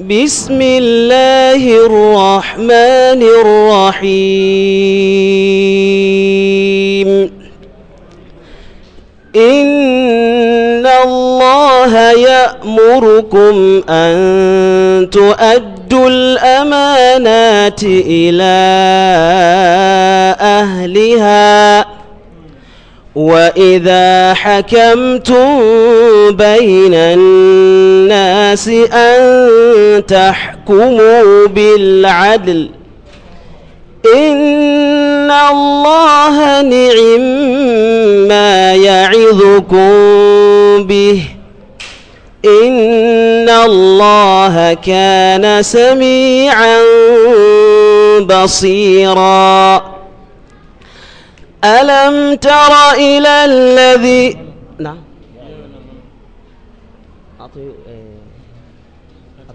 بسم الله الرحمن الرحيم إن الله يأمركم أن تؤدوا الأمانات إلى أهلها وإذا حكمتم بين الناس أن تحكموا بالعدل إن الله نعم ما يعظكم به إن الله كان سميعا بصيراً ألم تر إلى الذي نعم إيه.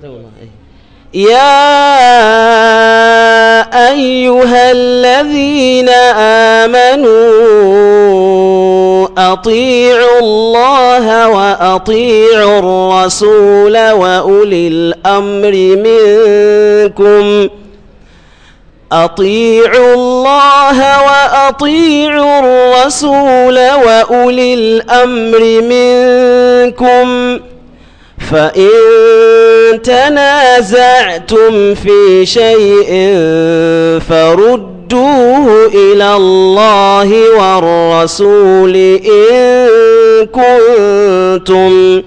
إيه. يا أيها الذين آمنوا أطيعوا الله وأطيعوا الرسول وأولي الأمر منكم أطيعوا الله وأطيعوا الرسول وأولي الأمر منكم فإن تنازعتم في شيء فردوه إلى الله والرسول إن كنتم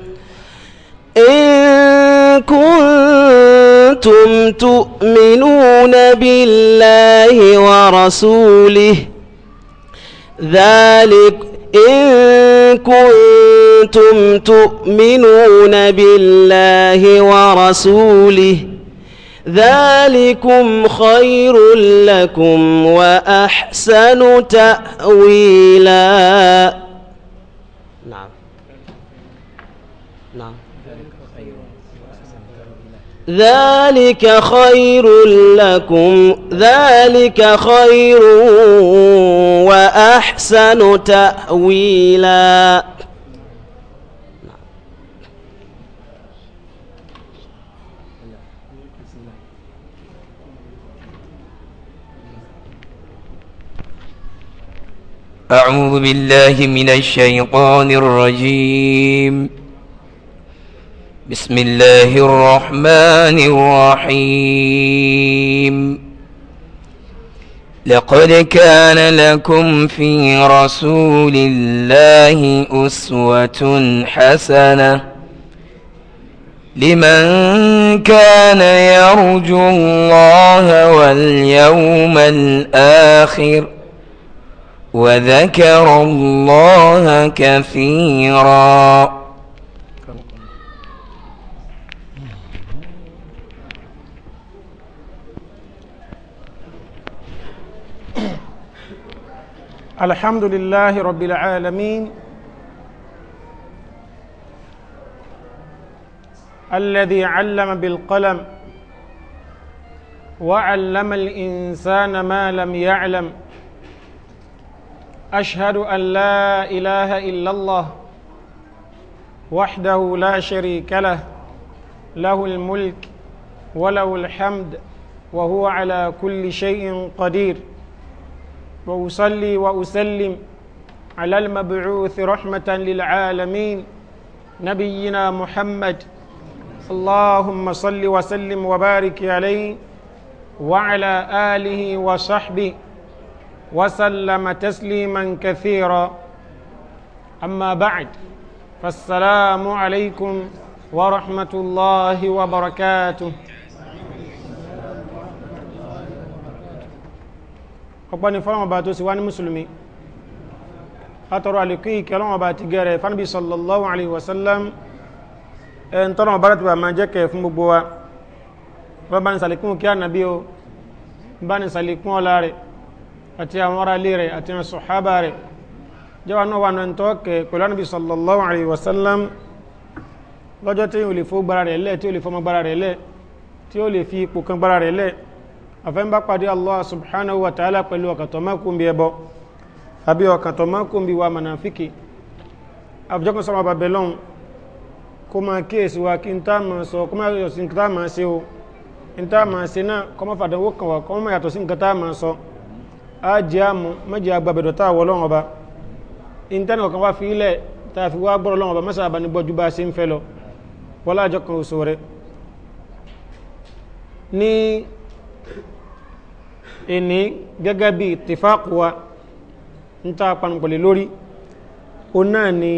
إن كنتم تؤمنون بالله ورسوله ذلك إن كنتم تؤمنون بالله ورسوله ذلكم خير لكم وأحسن تأويلاً ذلك خير لكم ذلك خير وأحسن تأويلا أعوذ بالله من الشيطان الرجيم بسم الله الرحمن الرحيم لقد كان لكم في رسول الله أسوة حسنة لمن كان يرجو الله واليوم الآخر وذكر الله كثيراً الحمد لله رب العالمين الذي علم بالقلم وعلم الإنسان ما لم يعلم أشهد أن لا إله إلا الله وحده لا شريك له له الملك وله الحمد وهو على كل شيء قدير واصلي واسلم على المبعوث رحمه للعالمين نبينا محمد اللهم صل وسلم وبارك عليه وعلى اله وصحبه وسلم تسليما كثيرا اما بعد فالسلام عليكم ورحمه الله وبركاته ọ̀pọ̀ ni fọ́lọ́wọ́n bá tó sì wá ní mùsùlùmí atọrọ àlékún ìkẹlọ́wọ́n bá ti gẹ̀rẹ̀ fánibí sallallahu alaihi wasallam ẹn tọ́lọ́wọ́n bá rẹ̀tùbà máa jẹ́ kẹ̀ fún gbogbo wa wọ́n bá ní sàlékún kí ànàbí o bá ní sàlékún ọlá rẹ̀ àti àwọn ará ilé rẹ̀ àti àwọn sọ̀hábà rẹ̀ jẹ́wà náà wà náà tọ́ kẹ̀ pẹ̀lú ànàbí sallallahu alaihi wasallam lọ́jọ́ tí yóò lè fi ipò kan gbára rẹ̀ lẹ̀ afẹ́nbá pàdé allah subhanahu wa ta'ala pẹ̀lú ọ̀kàtọ̀mọ́kùnbí ẹbọ àbí ọ̀kàtọ̀mọ́kùnbí wa mọ̀nàfíkì àbújọ́kùn sọ́mọ́ bàbẹ̀ lọ́hùn kó máa kíyèsí wa kí n tá máa sọ kó máa yọ̀ sí nǹkan tá máa ṣe o n tá máa ṣe náà kọ́ máa fàdánwó kan wà kọ́ máa yàtọ̀ sí nǹkan tá máa sọ á jẹ́ àmú méjì agbábẹ̀dọ̀ tá àwọ̀ lọ́wọ́ ọba ìntẹ́nì kọ̀ọ̀kan wá fi ilẹ̀ tá a fi wá gbọ́rọ̀ lọ́wọ́ ọba mẹ́sà àbánibọ́ ju bá a ṣe ń fẹ́ lọ wọ́lá àjọkàn òṣòro ní Ini gẹ́gẹ́ bí ìtìfáàkùwa ń ta panupọ̀lẹ̀ lórí o náà ni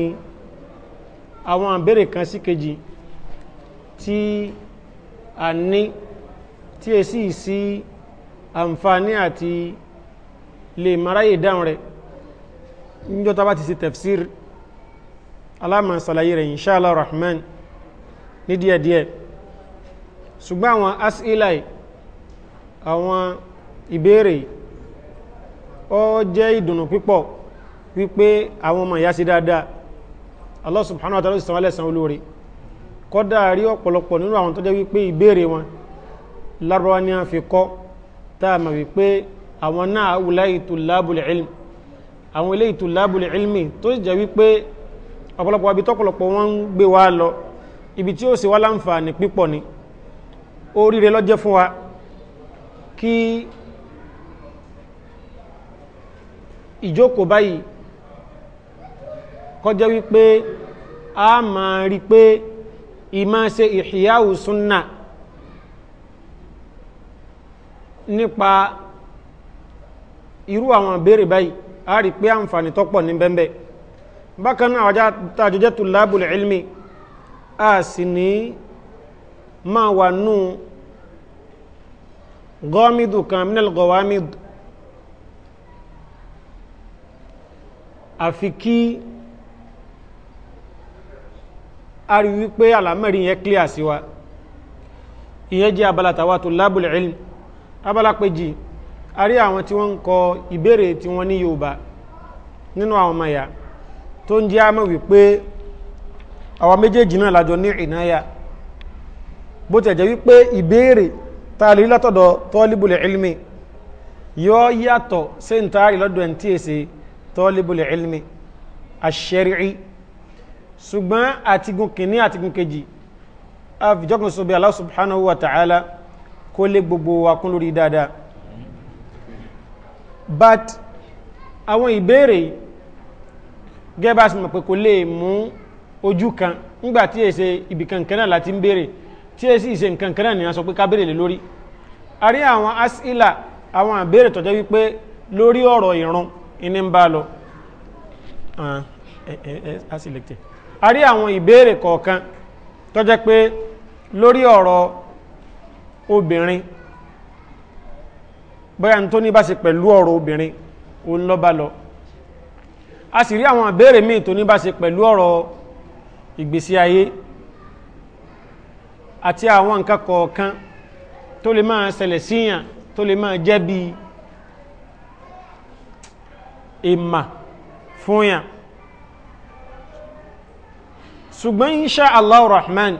àwọn àbẹ̀rẹ̀ kan sí kejì tí a ní tí e sì sí àǹfààní àti lè maráyè dáhùn rẹ̀ níjọ́ tá bá ti ṣe tafsir aláàmà sàlàyé rẹ̀ inṣáàlá rahman ní díẹ̀díẹ̀ ṣùgbọ́n àwọn asílẹ̀ àwọn ìbéèrè ó jẹ́ ìdùnnú pípọ̀ wípé àwọn ọmọ ìyá sí dáadáa Allah subhanahu wa ta'ala sì san lẹ́san olóore kọ́dà rí ọ̀pọ̀lọpọ̀ nínú àwọn tó jẹ́ wípé ìbéèrè wọn lárọ́wá ní a fi kọ́ tá a mọ̀ wípé àwọn náà wùláyì tullabul ilm àwọn ilé tullabul ilmi tó sì jẹ́ kí ìjókòó báyìí kọjá wípé a máa rí pé ìmá ṣe ìhìyáwó súnnà nípa irú àwọn ìbéèrè báyìí a rí pé àǹfààní tọ́pọ̀ ní bẹ́ẹ̀ bákan náà àwájá tàjọjẹ́ tó lábùl ilmi a sì ní máa wà nù gọ́mìdù kan mínal àfi kí a rí wípé àlámẹ́rin yẹn clear sí wa ìyẹn jẹ́ abala tàwa tó lábùlẹ̀ ilm abala péjì a rí àwọn tí wọ́n ń kọ ìbéèrè tí wọ́n ní yorùbá nínú àwọn ọmọ ya tó ń jẹ́ àmọ́ wípé àwọn méjèèjì náà lájọ ní ìnáyà bó tẹ̀ jẹ́ wípé ìbéèrè ta lè látọ̀dọ̀ tọ́líbùlẹ̀ ilmi yóò yàtọ̀ sí ń lọ́dọ̀ ẹ̀ ń tíyèsí tọ́líbùlì ilmi àṣẹ́rí ṣùgbọ́n àtigun kìíní àtigun kejì àfijọ́kùn sọ bí Allah subhanahu wa ta'ala kó lé gbogbo wa lórí dáadáa but àwọn ìbéèrè gẹ́bà sí mọ̀ pé kò lè mú ojú kan ńgbà tí è ṣe ibì kankan náà láti ń béèrè tí è sì ṣe nǹkan ni a sọ pé ká béèrè lé lórí a àwọn asila àwọn àbéèrè tọ́jọ́ wípé lórí ọ̀rọ̀ ìrun ní ń bá lọ asilẹ̀tẹ̀ a rí àwọn ìbéèrè kọ̀ọ̀kan tó jẹ́ pé lórí ọ̀rọ̀ obìnrin bóyá tó ní bá ṣe pẹ̀lú ọ̀rọ̀ obìnrin òun lọ bá lọ a sì rí àwọn ìbéèrè míì tó ní bá ṣe pẹ̀lú ọ̀rọ̀ ìgbésí ayé àti àwọn nǹkan kọ̀ọ̀kan tó lè máa ṣẹlẹ̀ síyàn tó lè máa jẹ́ bíi ìmà fún yàn ṣùgbọ́n insha Allah rahman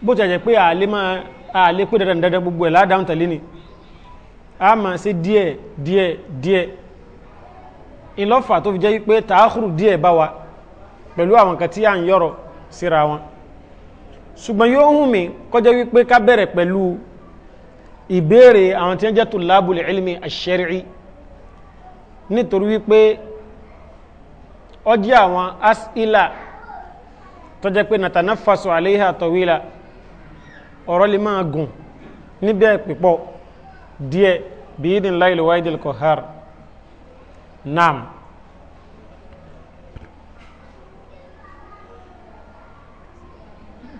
bó jẹ́ pé àlè máa àlè pé dandan dandan gbogbo ẹ̀ ládàá tẹ̀lé ni a máa ṣe díẹ̀ díẹ̀ díẹ̀ ìlọ́fà tó fi jẹ́ wípé tààkùrù díẹ̀ bá wa pẹ̀lú àwọn kan tí a ń yọ̀rọ̀ síra wọn ṣùgbọ́n yóò hùn mí kọjá wípé ká bẹ̀rẹ̀ pẹ̀lú ìbéèrè àwọn tí wọ́n jẹ́ tulabul ilmi ash-shar'i nítorí wípé ó jẹ́ àwọn as'ila tó jẹ́ pé natanaffasu alayha tawila ọ̀rọ̀ lè máa gùn níbẹ̀ pípọ̀ díẹ̀ bí idhnillahi al-wahidil qahhar naam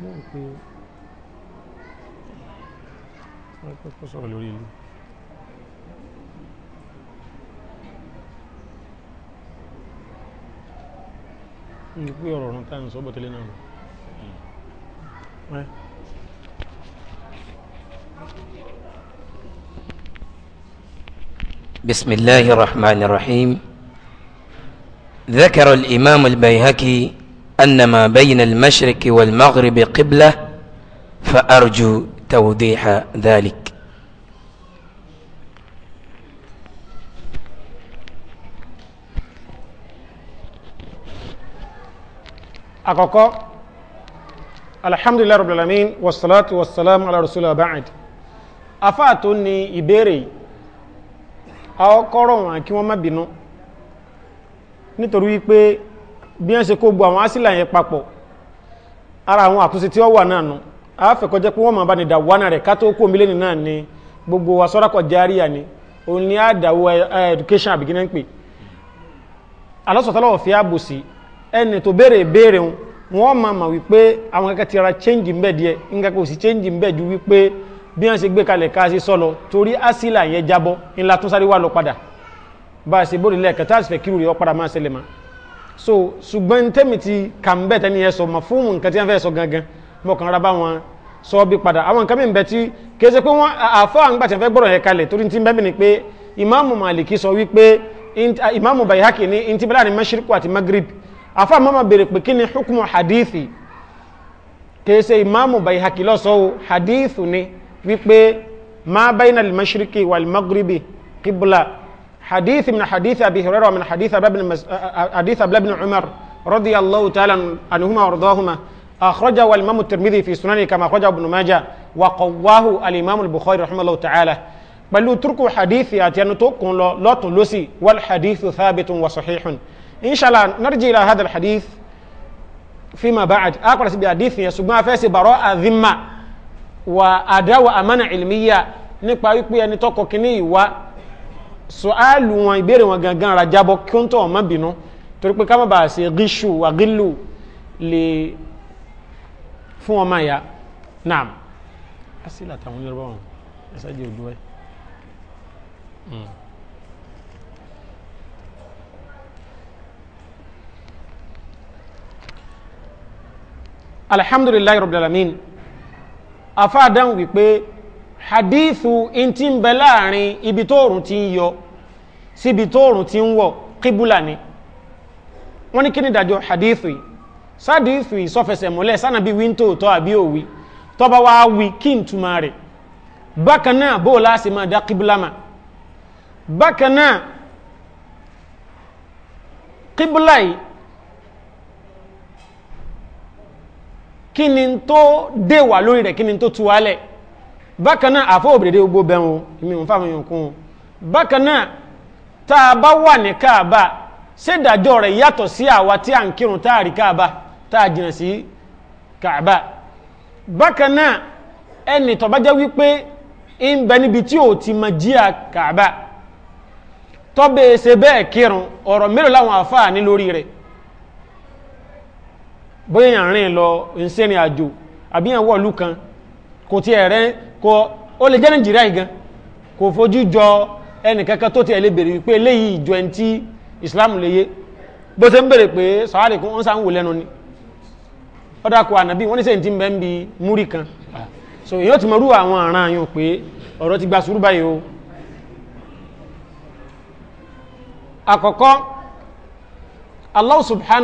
Thank you. بسم الله الرحمن الرحيم ذكر الإمام البيهكي أن ما بين المشرق والمغرب قبلة فأرجو توضيح ذلك àkọ́kọ́ alhamdulillahi rabbil alamin wassalatu wassalamu ala rasulillah ba'd afá tó ní ìbéèrè àkọ́kọ́rọ̀ wọn kí wọ́n má bínú nítorí wípé bí wọ́n ṣe kó gbọ́ àwọn asílà yẹn papọ̀ ara àwọn àtúnṣe tí ó wà náà nù àáfẹ́kọjẹ́ pé wọ́n máa bá ní dàwánà rẹ̀ ká kó mílíọ̀nù náà ni gbogbo wa sọ́rakọ̀ járíà ni òun ni àdàwọ̀ eh, education àbígínẹ́ ń pè alọ́sọ̀tọ́lọ́wọ̀ fi ààbò sí ẹni tó béèrè béèrè wọn wọ́n ma wípé àwọn akẹ́kẹ́ ti ra change ń bẹ̀ díẹ̀ kò sí change ń ju wípé bí ṣe gbé ká sí torí asila yẹn jábọ́ ńlá tún sáré wà lọ padà bá a ṣe bóde lẹ́ẹ̀kan tá a ma so ṣùgbọ́n tẹ́mi ti kà ń yẹn sọ ma fún nǹkan tí gangan mọ̀ kàn ra bá wọn sọ bí padà àwọn nǹkan bẹ pé yẹn torí ti afa mama bèrè pé kini hukmu hadithi ke ṣe imam bai hakilo so hadithu ni wi pe ma baina al-mashriqi wal-maghribi qibla hadithi min hadithi abi hurairah wa min hadithi hadithi abla ibn umar radiyallahu ta'ala anhuma wa ardahuma أخرجه الإمام الترمذي في سننه كما أخرجه ابن ماجه وقواه الإمام البخاري رحمه الله تعالى بل ترك حديث ياتي أن تكون لوتن لوسي والحديث ثابت وصحيح inshallah narji ila hadha alhadith fima ba'd akwara sibi hadith yẹn ṣùgbọ́n afẹ́ sí bàrọ́ àdìmà wà àdáwà àmánà ilmiya nípa wípé ẹni tọkọ kíní ìwá sọ́álù wọn ìbéèrè wọn gangan ra jábọ́ kí ó ń tọ̀ ọmọ bínú torí pé kámọ́ bá ṣe gíṣù wà gílù lè fún ọmọ ìyá náà asílà táwọn Yorùbá wọn ẹsẹ́ jẹ́ òdúwẹ́ alhamdulilayi rabbil alamin afa dáhùn wípé hadithu ntí ń bẹ láàrin ibi tóòrùn ti ń yọ síbi tóòrùn ti ń wọ̀ kíbúlà ni wọ́n ní kí ni ìdájọ́ hadithu yìí sádìífù ìsọfẹsẹ̀ mọ́lẹ̀ sánàbí wí ń tòótọ́ àbí òwí tọ́ba wá wí kí n túmọ̀ rẹ̀ bákan náà bó o láti máa dá kíbúlámà kí ni tó dé wà lórí rẹ̀ kí ni tó tuwálẹ̀ bákanáà àfọ́ òbèrè gbogbo bẹ̀rún ìmì òun fáwọn èèyàn kún un bákanáà tá a bá wà ní káàbà ṣèdájọ́ rẹ̀ yàtọ̀ sí àwa tí a ń kírun tá a rí tá a jìnà sí káàbà bákanáà ẹni tó wípé ń bẹ níbi tí ò ti mọ jíà káàbà tọ́bẹ̀ẹ́sẹ̀ bẹ́ẹ̀ kírun ọ̀rọ̀ mélòó láwọn àfáà ní lórí rẹ̀ bóyá yàn rìn lọ ìsẹ́rìn àjò àbí kan kò ti ẹ̀rẹ́ kò ó lè jẹ́ kò fojú jọ ẹnì kankan tó ti ẹ̀ lè bèrè wípé eléyìí ìjọ ẹni islam lè yé bó ṣe ń bèrè pé sàárè kún wò lẹ́nu ni so èyí ó ti mọ rú àwọn àyàn pé ọ̀rọ̀ ti gba sùúrù báyìí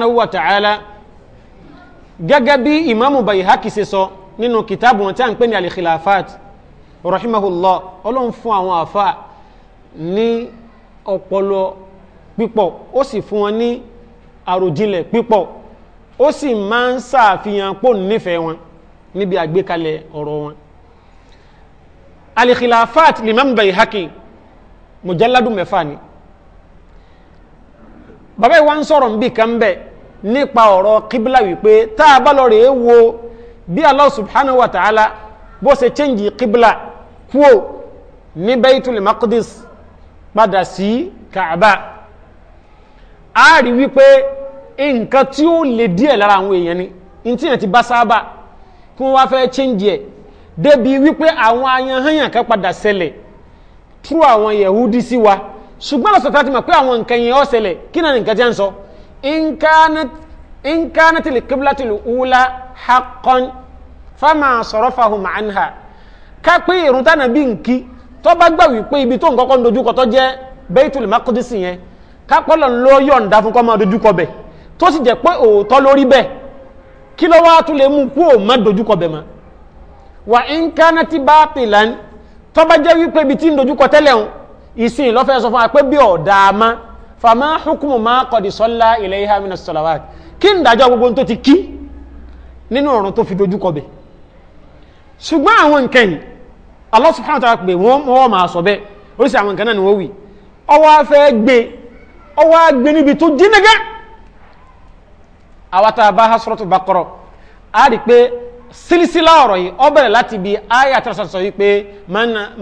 o wa ta'ala gẹ́gẹ́ bí ìmáàmù Bayhaqi ṣe sọ nínú kìtàbù wọn tí a ń pè ní al-Khilafat rahimahullah ọlọ́run fún àwọn àfa ní ọpọlọ pípọ̀ ó sì fún wọn ní àròjinlẹ̀ pípọ̀ ó sì máa ń ṣàfihàn pò nífẹ̀ẹ́ wọn níbi àgbékalẹ̀ ọ̀rọ̀ wọn al-Khilafat l'imam Bayhaqi mujalladu mẹ́fà ni bàbá ìwà ń sọ̀rọ̀ ń bì kan bẹ́ẹ̀ nípa ọ̀rọ̀ kíbílà wípé tá a bá lọ rèé wo bí Allah subhanahu wa ta'ala bó ṣe chẹ́ǹjì kíbílà kúò ní Baitul Maqdis padà sí Kaaba a rí wípé nǹkan tí ó lè díẹ̀ lára àwọn èèyàn ni ntí yẹn ti bá sábà kí wọ́n wá fẹ́ chẹ́ǹjì ẹ̀ débi wípé àwọn ayanhanyàn kan padà ṣẹlẹ̀ tú àwọn Yahudi sí wa ṣùgbọ́n àṣọ tá a ti mọ̀ pé àwọn nǹkan yẹn ó kí náà nǹkan tí ń sọ. إن كانت إن كانت القبلة الأولى حقا فما صرفهم عنها ká pé ìrun tánà bí nkí tó bá gbà wípé ibi tó nǹkan kan dojúkọ tó jẹ́ Baitul Maqdis yẹn ká pọ́lọ̀ ń lọ yọ̀ǹda fún kó máa dojúkọ bẹ̀ tó sì jẹ́ pé òótọ́ lórí bẹ̀ kí ló wá tún lè mú kú ò má dojúkọ bẹ̀ mọ́ wa in kanati batilan tó bá jẹ́ wípé ibi tí ń dojúkọ tẹ́lẹ̀ ń ìsìn lọ́fẹ́ sọ fún wa pé bí ọ̀dà máa fama hukumu ma kọ̀dì sọ́lá ilẹ̀ ihe amina sọ́làwà kí n dájọ́ gbogbo tó ti kí nínú ọ̀run tó fi dojú kọbẹ̀ ṣùgbọ́n àwọn nǹkan yìí Allah subhanahu wa ta'ala pé wọ́n wọ́n máa sọ bẹ́ẹ̀ oríṣi àwọn nǹkan náà ni wọ́n wì ọwọ́ afẹ́ gbé ọwọ́ agbé níbi tó jínagá àwọn tá a bá ha suratul Baqara a rí pé sílísílá ọ̀rọ̀ yìí ó bẹ̀rẹ̀ láti bi ayat sọ̀sọ̀ yìí pé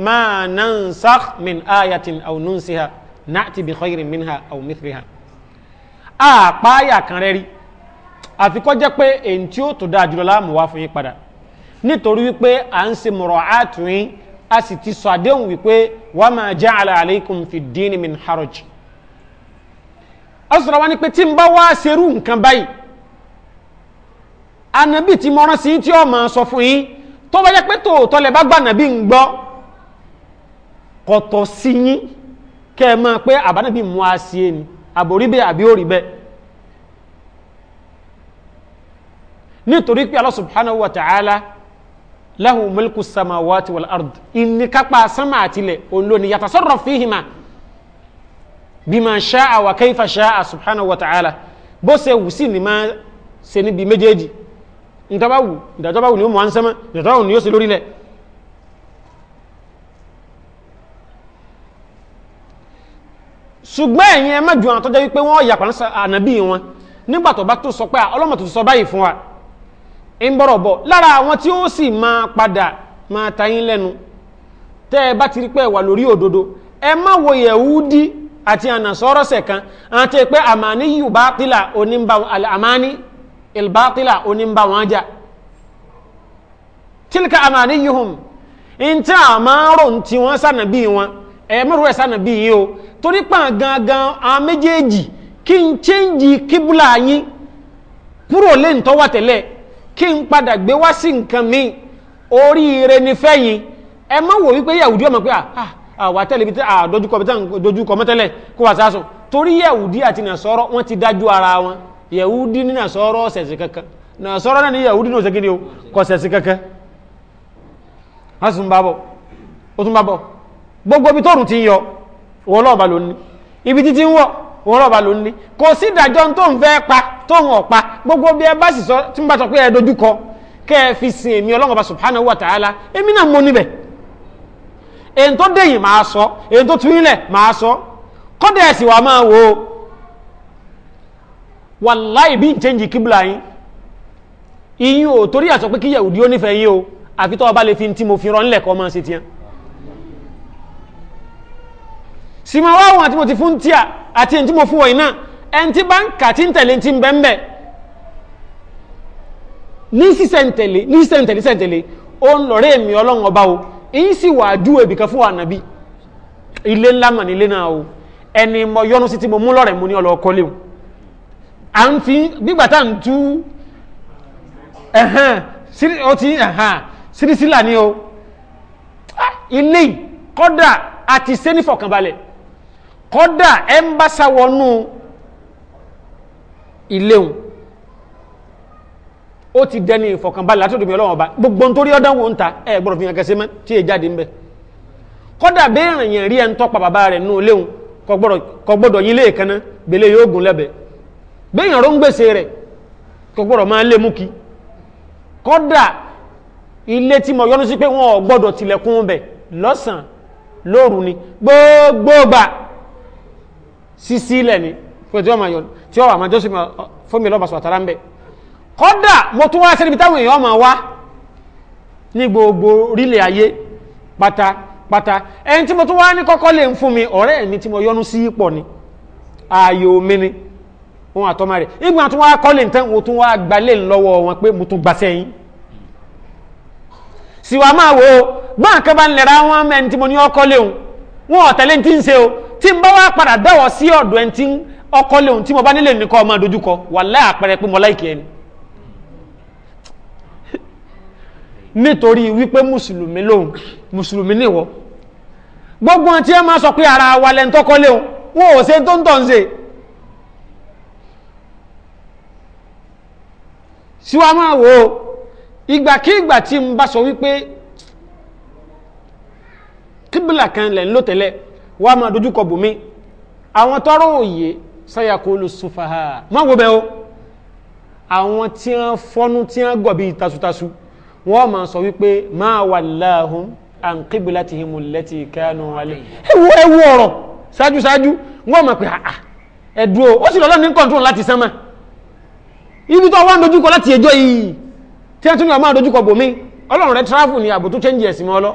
ma nansakh min ayatin aw nunsiha na'ti bi khairin minha aw mithliha àpáyà kan rẹ̀ rí àfi kọ́ jẹ́ pé èyí tí ó tó dáa jùlọ láàmú wá fún yín padà nítorí wípé à ń ṣe mọ̀rọ̀ àtúnyìn a sì ti sọ àdéhùn wípé wa ma ja'ala alaykum fi ddini min haraj ọsọ̀rọ̀ wa ni pé tí n bá wá serú nǹkan báyìí ànábì tí mo rán sí tí ó sọ fún yín tó bá jẹ́ pé tòótọ́ lẹ bá gbà nàbí ń gbọ́ kọ̀tọ̀ sí yín kẹ́ ẹ máa pé àbánàbí mú a sí ẹni àbòrí bẹ́ẹ̀ àbí ó rí bẹ́ẹ̀ nítorí pé Allah subhanahu wa ta'ala lahu mulku samawati wal ard ìníkápá sánmà àtìlẹ̀ olóni yatasarrafu fihima bima sha'a wa kayfa sha'a subhanahu wa ta'ala bó ṣe wù sí ni máa ṣe níbi méjèèjì ìtọ́báwù ìdájọ́báwù ni ó mọ̀ á ń sánmà ni ó ṣe lórílẹ̀ ṣùgbọ́n ẹ̀yin ẹ má ju àwọn tó wípé wọ́n yà wọn nígbà bá tó sọ pé ọlọ́mọ tó sọ báyìí fún wa ń bọ̀rọ̀ bọ̀ lára àwọn tí ó sì máa padà máa ta yín lẹ́nu tẹ́ ẹ bá ti rí pé ẹ lórí òdodo ẹ má wo yẹ̀wúdí àti ànàsọ́rọ̀ sẹ̀kan àti pé àmàní yìí bá wọn jà tílkà àmàní ẹ̀mọ́rún ẹ̀sá nà bí o torí pàn gangan àwọn méjèèjì kí n chéǹjì kíbùlà yín kúrò lè ń tọ́wà tẹ́lẹ̀ kí n padà gbé wá sí nǹkan mi oríire ni fẹ́yìn ẹ wò wípé yahudi ọmọ pé ah, ah, àwa tẹ́lẹ̀ bí ah, bí dojúkọ kó wà sásùn torí àti nàṣọ́rọ́ ti dájú ara wọn ní nàṣọ́rọ́ ṣẹ̀ṣẹ̀ kankan nàṣọ́rọ́ náà ní ní o kọ̀ ṣẹ̀ṣẹ̀ kankan. wọ́n bá bọ̀ ó gbogbo ibi tóòrùn ti ń yọ wọn lọ́ọ̀bà ló ní ibi títí ń wọ̀ wọn lọ́ọ̀bà ló ní kò sí ìdájọ́ tó ń fẹ́ pa tó ń ọ̀pa gbogbo bí ẹ bá sì sọ tí ń bá sọ pé ẹ dojú kọ ẹ fi sin èmi ọlọ́run ọba subhanahu wa ta'ala èmi náà mo níbẹ̀ èyí tó dẹ̀yìn máa sọ èyí tó tún ilẹ̀ máa sọ kọ́dẹ̀ ẹ̀sìn wa máa wò ó wàláì bí n chẹ́njì kíbla yín iyún ò torí àsọ pé kíyàwó di ó nífẹ̀ẹ́ yín o àfi tó ọba lè fi ti mo fi rán lẹ̀kọ́ máa ṣe tiẹ́ sì máa wá àwọn àti mo ti fún tíà àti ẹni tí mo fún wọ̀nyí náà ẹni tí bá ń kà tí ń tẹ̀lé ti ń bẹ́ ń bẹ́ ní sísẹ̀ntẹ̀lé ní sísẹ̀ntẹ̀lé sísẹ̀ntẹ̀lé ó ń lọ̀rẹ́ èmi ọlọ́run ọba o èyí sì wà á dúró ibìkan fún ànàbí ilé ńlá mà nílé náà o ẹni mo yọnu sí ti mo mú lọ́rẹ̀ mo ní ọlọ́ọ̀kọ́ léwu à ń fi gbígbà tá à ń tú sírísílà ni o ah, ilé kọ́dà àti sẹ́nifọ̀kànbalẹ̀ kọ́dà ẹ ń bá sá wọnú ìléhùn ó ti dẹni ìfọ̀kànbalẹ̀ àti òdòmí ọlọ́wọ́n ọba gbogbo nítorí ọ̀dánwò ń ta ẹ gbọ́dọ̀ fi hàn kẹsẹ́ mọ́ tí èyí jáde ń bẹ kọ́dà béèrè yẹn rí ẹ ń tọ́pa bàbá rẹ̀ nù léhùn kò gbọ́dọ̀ yín lé èkánná gbélé yóò gùn lẹ́bẹ̀ẹ́ béèyàn ló ń gbèsè rẹ̀ kò máa lé mú kí kọ́dà ilé tí mo yọnu sí pé wọn gbọ́dọ̀ tilẹ̀kùn bẹ̀ lọ́sàn lóru ni gbogbo gbà sísí ilẹ̀ ni pé tí ó máa yọ tí ó wà máa jọ́sìn fún mi lọ́ba sọ̀tara ń bẹ̀ kọ́dà mo tún wá sí ibi táwọn èèyàn máa wá ní gbogbo orílẹ̀ ayé pátápátá ẹni tí mo tún wá ní kọ́kọ́ lè ń fún mi ọ̀rẹ́ mi tí mo yọnu sí pọ̀ ni ààyò mi ni wọn àtọ́mọ rẹ̀ ìgbà tún wá kọ́lé nǹkan wo tún wá gbalẹ̀ lọ́wọ́ wọn pé mo tún gbà sẹ́yìn sì wá máa wo gbọ́n kan ń lẹ̀ra wọn mẹ́ni tí mo ní ọkọ́ léwu wọn ọ̀tẹ̀lé tí n bá wá padà dáwọ́ sí ọ̀dọ̀ ẹni tí ọkọ léhun tí mo bá nílé nìkan ọmọ dojúkọ wàláhì àpẹẹrẹ pé mo láìkì ẹni nítorí wípé mùsùlùmí lòun mùsùlùmí nìwọ gbogbo ohun tí ẹ máa sọ pé ara wa lẹ́ńtọ́kọ́ léhun wọn ò ṣe tó ń tọ̀ ń ṣe síwá máa wò ó ìgbàkígbà tí n bá sọ wípé kíbìlà kan lẹ̀ ń lò tẹ́lẹ̀ wọ́n á máa dojúkọ bùnmi àwọn tọrọ òye sayakolu sufaha mọ́ wo bẹ́ẹ̀ o àwọn tí wọ́n fọ́nú tí wọ́n gọ̀ bíi tasutasu wọ́n máa sọ wípé máa wà láàhùn àǹkíbìlátìhìmù lẹ́tì kánú alẹ́ ewu ewu ọ̀rọ̀ ṣáájú ṣáájú wọ́n máa pè àà ẹ̀dùn ó sì lọ́lọ́ ní kọ̀ǹtún láti sánmà ibi tó wá ń dojúkọ láti ẹjọ́ yìí tí wọ́n tún lọ́ máa dojúkọ bòmí ni àbò tó chẹ́ńjì ẹ̀sìn mọ́ ọlọ́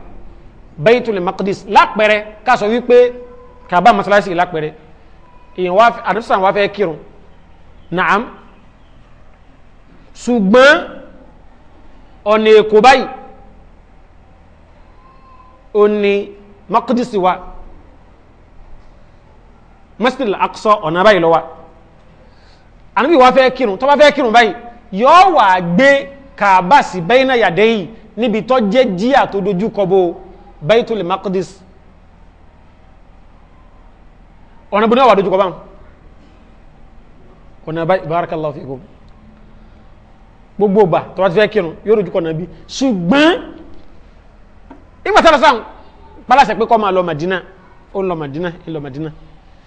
Baitul Maqdis lápẹrẹ ká sọ wípé kàbá masalasi lápẹrẹ èèyàn wá àdúsàn wá fẹ́ kírun naam ṣùgbọ́n ọ̀nà èkó báyìí ó ní Maqdis wa Masjid al-Aqsa ọ̀nà báyìí lọ́wọ́ àníbí wá fẹ́ kírun tó bá fẹ́ kírun báyìí yóò wà gbé kàbá sí bẹ́ẹ̀ náà yàdẹ́yìí níbi tó jẹ́ jíà tó dojú kọ bó o baitul maqdis ọ̀nà bí náà wà dojúkọ báwọn ọ̀nà barakallahu fikum gbogbo ọba tó wá ti fẹ́ kírun yóò dojúkọ náà bí ṣùgbọ́n ìgbàsára sáà pálásẹ̀ pé kọ́ máa lọ Madina ó lọ Madina ìlọ Madina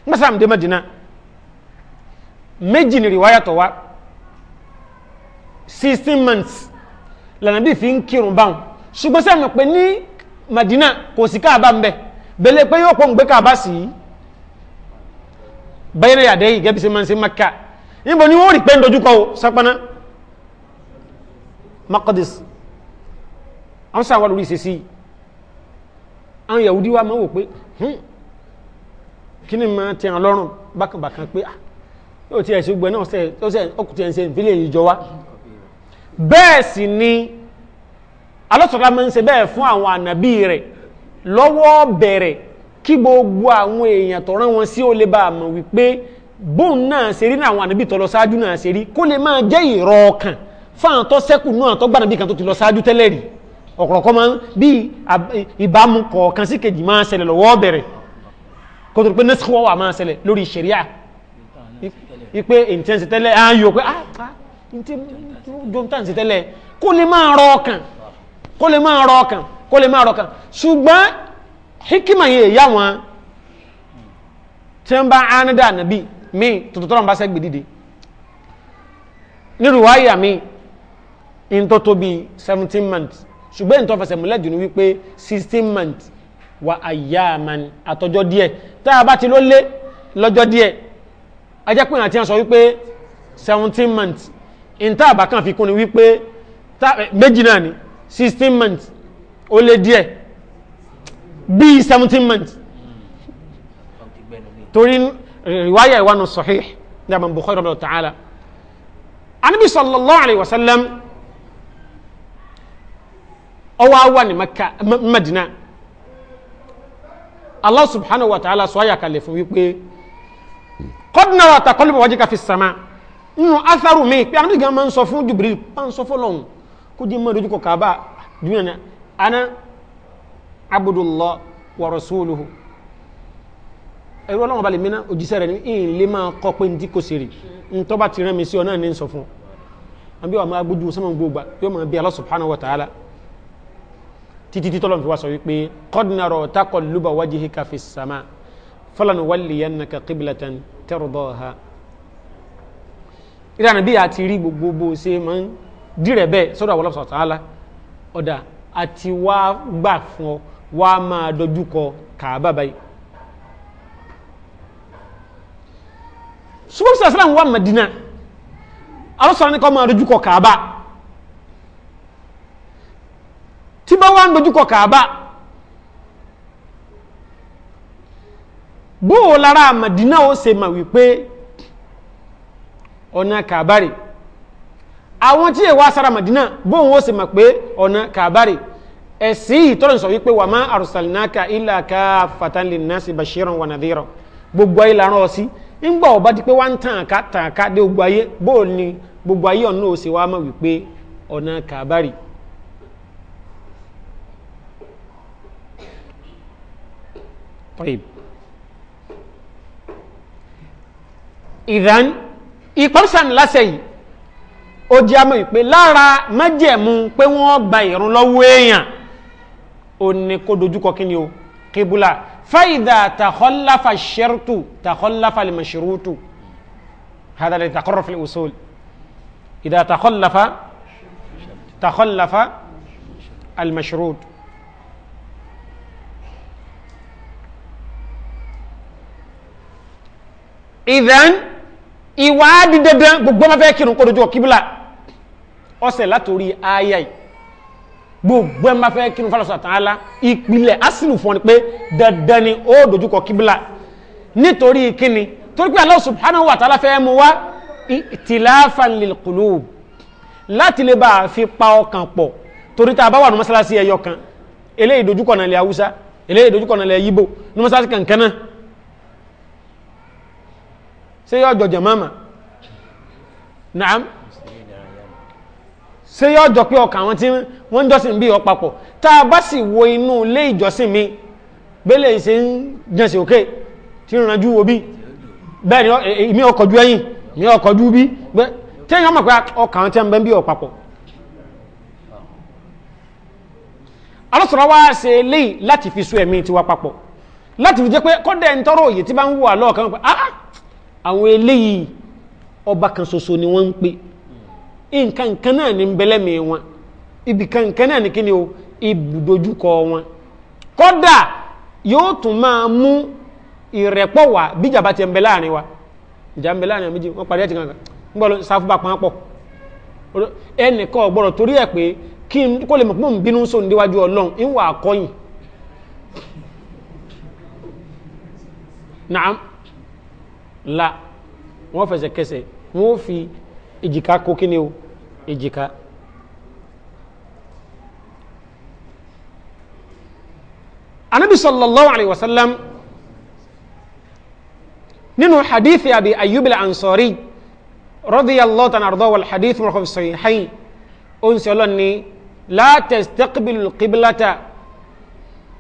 ìgbàsára mdé Madina méjì ni rìwáyà tó wá sixteen months lànà bí fi ń kírun báwọn ṣùgbọ́n sẹ́mi pé ní Madina kò sí káàbá ń bẹ bẹ̀lẹ̀ pé yóò pọ̀ ń gbé káàbá sí bẹ́ẹ̀rẹ̀ àdẹ́yìn gẹ́bí se máa ń se Makka níbo ni wọ́n rí pé ń dojúkọ o sápaná Maqdis àwọn sáà wà lórí ìṣesí àwọn Yahudi wa máa wò pé hmm, kí ni máa ti hàn lọ́rùn bákanbàkan pé ah, yóò ti ẹ̀ṣùgbọ́n náà ọkùnrin ṣe ìfilẹ̀ ìjọ wa bẹ́ẹ̀ sì ni alọ́sọ̀rọ̀ máa ń ṣe bẹ́ẹ̀ fún àwọn ànàbí rẹ̀ lọ́wọ́ bẹ̀rẹ̀ kí gbogbo àwọn èèyàn tó rán wọn sí ó lè bá a mọ̀ wípé bóun náà ṣe rí ní àwọn ànàbí tó lọ ṣáájú náà ṣe rí kó lè máa jẹ́ ìrọ̀ ọkàn fáwọn tó ṣẹ́kù náà tó gbàdàbí kan tó ti lọ ṣáájú tẹ́lẹ̀ rí ọ̀pọ̀lọpọ̀ máa ń bí ìbámu kọ̀ọ̀kan sí kejì máa ṣẹlẹ̀ lọ́wọ́ bẹ̀rẹ̀ kó tó pé nẹ́sìkò wà máa ṣẹlẹ̀ lórí ṣẹ̀ríà ipe ìtẹ́ǹsì tẹ́lẹ̀ pé ah ah ìtẹ́ǹsì tẹ́lẹ̀ kó lè máa rọ ọkàn kó lè máa rọ ọkàn kó lè máa rọ ọkàn ṣùgbọ́n hikima yẹn èyí àwọn tí wọ́n bá ánádà nàbí mi tuntun tọ́lọ̀ bá sẹ́gbẹ̀ dìde nírú wáyà mi in tó tó seventeen months ṣùgbọ́n in tó fẹsẹ̀ múlẹ̀ jù wípé sixteen months wà ayyaman àtọjọ́ díẹ̀ tá a bá ti ló lé lọ́jọ́ díẹ̀ ajẹ́pẹ́ àti ẹ̀ wípé seventeen months in tá a bá kàn fi kún ni wípé méjì náà ni sixteen months ó lé díẹ̀ bíi seventeen months torí eh, riwaya ìwánu sahih ní àmà Bukhari rọ̀dọ̀ ta'ala anabi sallallahu alayhi wa sallam ọwọ́ awa ni Makka Madina Allah subhanahu wa ta'ala sọ ayà kalẹ̀ fún wípé kọ́dínà wà taqalluba wajhika fi sama nínú atharu mi pé anabi gan máa ń sọ fún Jibril máa ń sọ fọlọ́hún kudi ma dojúkọ kaaba duniya na ana abudullah wa rasuluhu ẹ̀rọ ọlọ́run balẹ̀ mìíràn òjíṣẹ́ rẹ̀ ní ìyìn lè máa kọ́ pé ní tí kò sèrè ntọ́ bá ti rán mi sí ọ náà ní sọ fún ọ bí wàá máa gbójú sọ́mọ́ gbogbo yóò máa bí Allah subhanahu wa ta'ala títí tí tọ́lọ́mù fi wá sọ wípé qad nara taqalluba wajhika fis sama falanuwalliyannaka qiblatan tardaha ìlànà bí a ti rí gbogbo bó ṣe máa dírẹ̀ bẹ́ẹ̀ sọ́dọ̀ àwọn ọlọ́pàá sọ̀tàlá ọ̀dà àti wá gbà fún ọ wá máa dojú kọ kàábà báyìí ṣùgbọ́n sọ̀rọ̀ sọ́dọ̀ wà Madina alọ́sọ̀rọ̀ ní kọ́ máa dojú kọ kàábà tí bá wá ń dojú kọ kàábà bóò lára Madina ó ṣe mà wípé ọ̀nà kàábà rèé àwọn tí èwà sára Madina bóun ó sì mọ̀ pé ọ̀nà kàbárì ẹ̀sìn ìtọ́lọ̀ sọ wípé wà má arsalnaka illa kaffatan linnasi bashiran wa nadhira gbogbo ayé la rán ọ sí ńgbà ọba di pé wá ń tàn ká tàn ká dé gbogbo ayé bóun ni gbogbo ayé ọ̀nà òsè wa mọ̀ wípé ọ̀nà kàbárì طيب إذن إقرصا لسي ó jẹ́ àmọ́ ìpè lára májẹ̀mú pé wọ́n gba ìrun lọ́wọ́ èèyàn ó ní kó dojúkọ kí ni o kíbúlà fáìdà tàkọ́láfà ṣẹ́rùtù tàkọ́láfà lè mọ̀ṣẹ́rùtù hádà lè tàkọ́rọ̀ ìdà tàkọ́láfà tàkọ́láfà al-mashrutu ìwà di dandan gbogbo ma fẹ́ kírun kó dojú ọ kíbílà ọsẹ̀ látòrí ayá yìí gbogbo ma fẹ́ kírun fálọ́sọ̀ àtàlá ìpìlẹ̀ asìlù fún ọ ni pé dandan ni ó dojú kíbílà nítorí kíni torí pé Allah subhanahu wa ta'ala fẹ́ mu wá itilafan lil qulub láti lè bá a fi pa ọkàn pọ̀ torí tá a bá wà ní mọ́sálásí ẹyọ kan eléyìí dojúkọ̀ náà haúsá eléyìí dojúkọ̀ náà lè ní mọ́sálásí kankan náà ṣé yóò jọ jẹ̀mọ́mà naam ṣé yóò wọn pé ọkàn àwọn tí wọ́n ń jọ́sìn bí ọ̀pàpọ̀ tá a bá sì wo inú ilé ìjọsìn mi bẹ́lẹ̀ ṣe ń jẹ́sìn òkè tí ń ranjú wo bí bẹ́ẹ̀ ni e, e, mi ò kọjú ẹ̀yìn mi ò kọjú bí téèyàn bi pé ọkàn tí ń bẹ bí ọ̀pàpọ̀ fi so ẹ̀mí tiwa papọ̀ lati fi jẹ́ pé kọ́dẹ̀ ń tọ́rọ òye tí bá ń wù ah àwọn eléyìí ọba kan soso ni wọ́n ń pè nǹkan kan náà ní bẹlẹ́mì wọn ibì kan náà ní kí ni o ibùdójúkọ wọn kódà yóò tún máa mú ìrẹ́pọ̀ wá bíjàmbá ti ń bẹ wa ìjà ń bẹ láàrin méjì parí ẹ̀ ti kankan ń bọ̀ sáfúbà pọ̀ ẹnìkan ọ̀gbọ́dọ̀ torí ẹ̀ pé kí n kó lè mọ̀ pé mò ń bínú ọlọ́run la wọ́n fẹsẹ̀ kẹsẹ̀ wọ́n fi èjìká kó kíni o èjìká. anabi sallallahu alayhi wa sallam nínú hadithi abi ayyub al-ansari radiyallahu ta'ala ardo wal hadith marhum sahihayn on se olon ni la tastaqbilu al-qiblata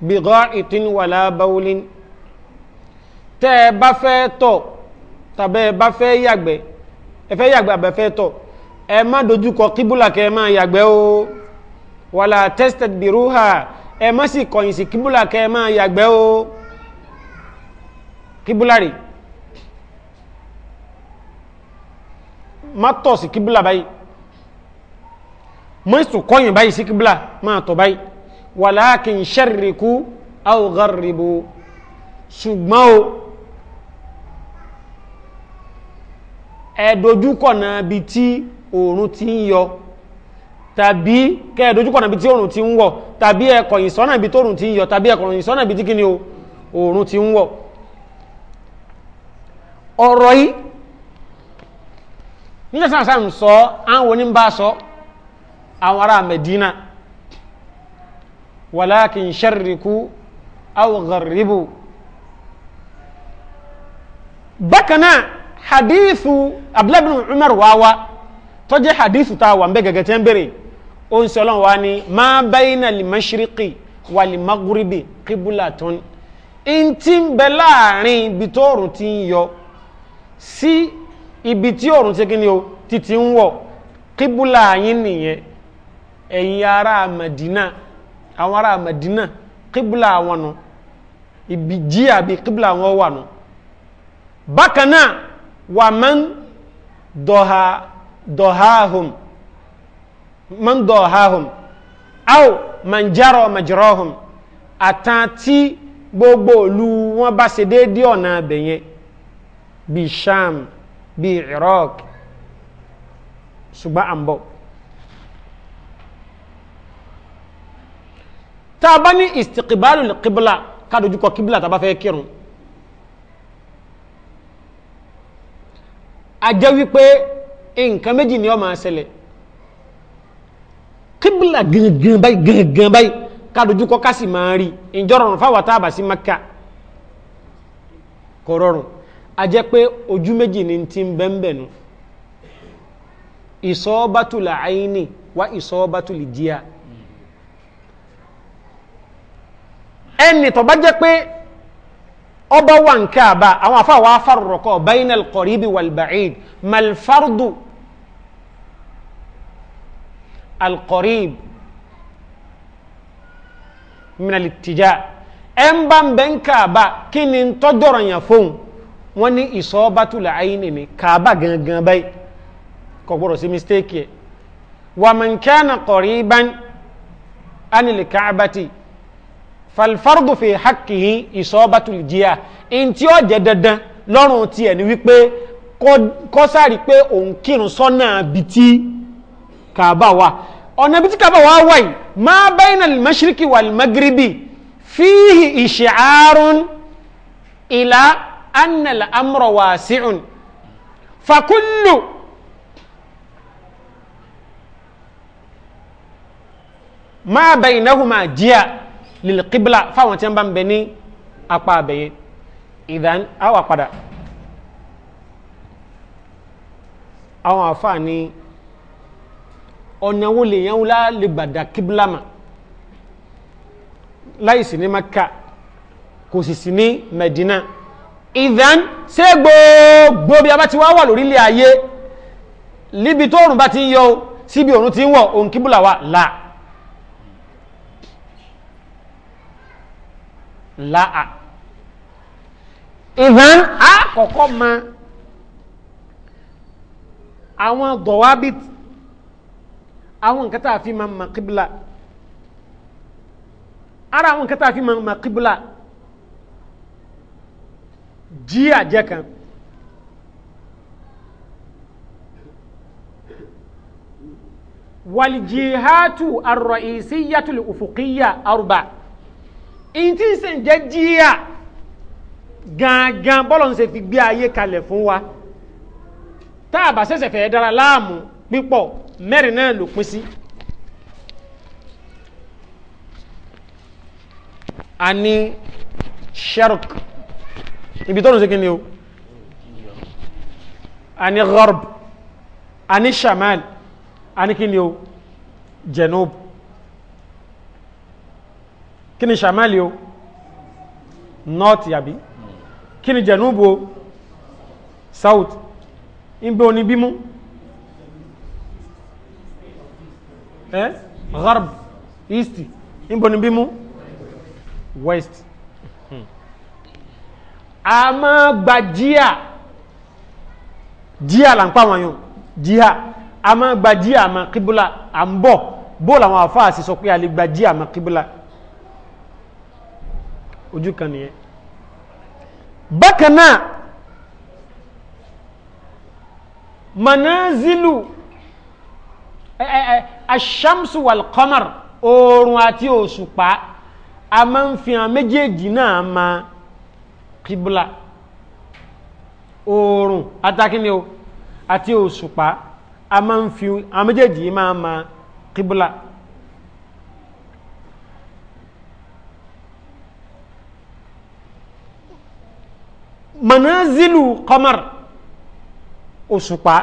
bi gha'itin wala bawlin tẹ́ bá fẹ́ tọ̀ tàbẹ́ ẹ bá fẹ́ yàgbẹ́ ẹ fẹ́ yàgbẹ́ àbẹ́ fẹ́ tọ̀ ẹ má dojúkọ kíbùlà kẹ́ ẹ máa yàgbẹ́ o wàlà tested biruha ẹ má sì kọ̀yìn sí kíbùlà kẹ́ ẹ máa yàgbẹ́ o kíbùlà rè má tọ̀ sí kíbùlà báyìí má sùn kọ̀yìn báyìí sí kíbùlà máa tọ̀ báyìí wàlà kì í ṣẹ́rìkú àwògárìbò ṣùgbọ́n o. ẹ̀dójúkọ̀nà bí tí oòrùn ti ń yọ tàbí kẹ́ẹ̀dójúkọ̀nà bí tí oòrùn ti ń wọ̀ tàbí ẹ̀kọ̀yìn sọ́nà bí tóòrùn ti ń yọ tàbí ẹ̀kọ̀yìn sọ́nà bí tí kíni oòrùn ti ń wọ̀ ọ̀rọ̀ yìí nígbà sáà sáà ń sọ àwọn onímbà sọ àwọn ará Medina walakin sharriku aw gharribu bákan náà hadithu abdullahi bin umar wá wá tó jẹ́ hadithu tá a wà ń bẹ́ gẹ́gẹ́ tẹ́ ń bèrè ó ń sọlọ́n wá ní ma bayna li mashriqi wà li maghribi qiblatun in ti ń bẹ láàrin ibi tó òrùn ti ń yọ sí ibi tí òrùn ti kí o ti ti ń wọ̀ qibla yín nìyẹn ẹ̀yin ará Madina àwọn ará Madina qibla wọn nù ibi jí àbí qibla wọn wà nù bákan náà ومن man doha من man أو من man jaro majrohum àtàn tí gbogbo ìlú wọn bá ṣe déédé ọ̀nà abẹ̀yẹn bíi sham bíi iraq ṣùgbọ́n à ń bọ̀ tá a bá ní istiqbalu qibla ká dojú kọ qibla tá a bá fẹ́ kírun a jẹ́ wípé nǹkan méjì ni ó máa ṣẹlẹ̀ kíbìlà gangan báyìí gangan báyìí kádojú kọ́ ká sì máa rí ìjọrọ̀rùn fáwọn táàbà sí maka kò rọrùn a jẹ́ pé ojú méjì ni ti ń bẹ́ńbẹ̀nu ìsọ́ọ́bátùlà àyíní wá ìsọ́ọ́bátùlì jíà ẹnì tó bá jẹ́ pé ọba wa nke àbá àwọn afa wa farrọkọ bainal kọribi walba'id malfardu alkorib minalitija ẹn bá ń bẹ ń kàbá kí ni ń tọ́jọ́rọ̀ yàn fóun wọ́n ní ìsọ́bátúlà àyínì ni kàbá gangan báyìí kò gbọ́dọ̀ mistake yẹ wàmùnkánà kọ̀rí bá ń ánìlì kàbátì falfardu fi hakihi isobatul jia in tí ó jẹ́ dandan lọ́rùn tiẹ̀ ni wípé kó sáré pé òun kírun sọ́nà bí tí kàbá wa ọ̀nà bí tí kàbá wa wà yìí ma bayna al-mashriqi wal fihi ish'arun ila anna al-amra wasi'un fakullu ma baynahuma jia lil qibla fáwọn tí wọ́n bá ń bẹ ní apá abẹ́yẹ ìdán àwà padà àwọn àfáà ní ọ̀nà wo lè yẹn wúlá lè gbàdá qibla mà láìsí ní maka kò sì sí ní medina ìdán ṣé gbogbo bí a bá ti wá wà lórílẹ̀ ayé líbi tó òrùn bá ti ń yọ síbi òrùn ti ń wọ̀ òun kíbùlà wa là. láà ìdán àkọ́kọ́ ma àwọn dọ̀wábìt àwọn nǹkan tá a fi ma ma kíbla ara àwọn nǹkan tá a fi ma ma kíbla jí àjẹ kan wàlìjìhátù àrọ̀ ìsíyàtù ufuqiyya arba' in tí ń ṣe ń jẹ́ jíyà gangan bọ́lọ̀ ń ṣe fi gbé ayé kalẹ̀ fún wa tá a bá ṣẹ̀ṣẹ̀ fẹ́ dára láàmú pípọ̀ mẹ́rin náà ló pín sí. a ní shark ibi tọ́nu sí kíni o a ní gharb a ní shamal a ní kíni o jenub kí ni o north yàbí kí ni o south ń gbé oní bímú ẹ́ eh? gharb east ń gbé oní bímú west a máa gba jíà jíà là ń pa àwọn yòó jíà a máa gba jíà àmà kíbúlà à ń bọ̀ bóòlù àwọn àfáà sì sọ pé a lè gba jíà àmà kíbúlà ojú kan nìyẹn bákan náà manazilu aṣamsu walqamar oòrùn àti òṣùpá a máa ń fi hàn méjèèjì náà ma kíbla oòrùn atakíní o àti òṣùpá a máa ń fi hàn méjèèjì máa ma kíbla. manazilu qamar òṣùpá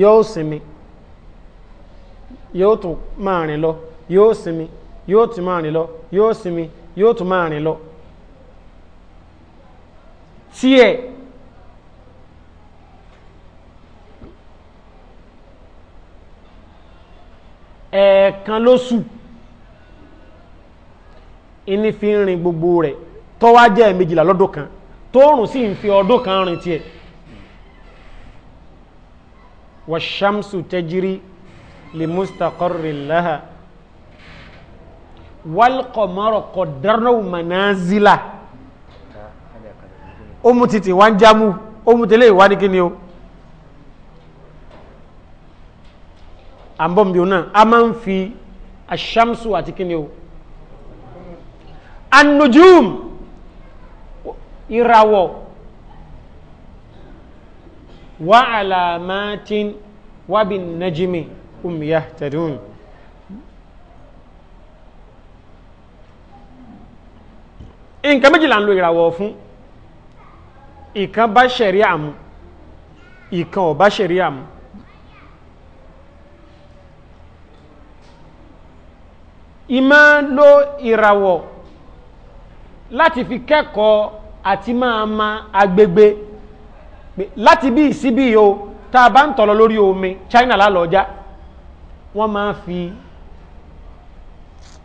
yóò sinmi yóò tún máa rìn lọ yóò sinmi yóò tún máa rìn lọ yóò sinmi yóò tún máa rìn lọ tiẹ̀ ẹ̀ẹ̀kan lóṣù ìní fi ń rìn gbogbo rẹ̀ tó wá jẹ́ méjìlá lọ́dún kan tóòrùn sì ń fi ọdún kan rìn tiẹ̀ wa shamsu tajiri li mustaqarri laha wal qamara qaddarnahu manazila ó mú títí wá ń jámú ó mú tẹ́lẹ̀ ìwá ní kíni o àbọ̀m̀bí náà a máa ń fi ashamsu àti kíni o annujum ìràwọ̀ wà àlàmátín wábí najimi umiya tẹ̀dún nǹkan méjìlá ń lo ìràwọ̀ fún ìkan bá ṣẹ̀rí àmú ìkan ọ̀bá ṣẹ̀rí àmú ìmá lo ìràwọ̀ láti fi kẹ́kọ̀ọ́ àti máa ma agbègbè láti bí síbí o tá a bá ń tọ̀lọ lórí omi China lálọ́já wọ́n máa fi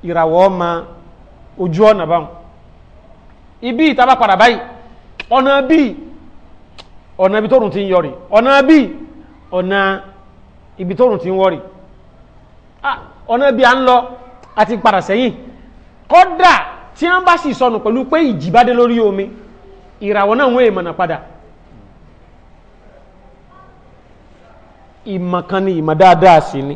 ìràwọ̀ ma ojú ọ̀nà báwọn ibi ìtaba padà báyìí ọ̀nà bí ọ̀nà ibi tóòrùn ti ń yọrì ọ̀nà bí ọ̀nà ibi tóòrùn ti ń wọ̀rì ah, ọ̀nà bí a ń lọ àti padà sẹ́yìn kọ́dà tí wọ́n bá sì sọnù pẹ̀lú pé ìjì bá dé lórí omi ìràwọ̀ náà wọ́n èèmọ̀nà padà ìmọ̀ kan ni ìmọ̀ dáadáa sí ni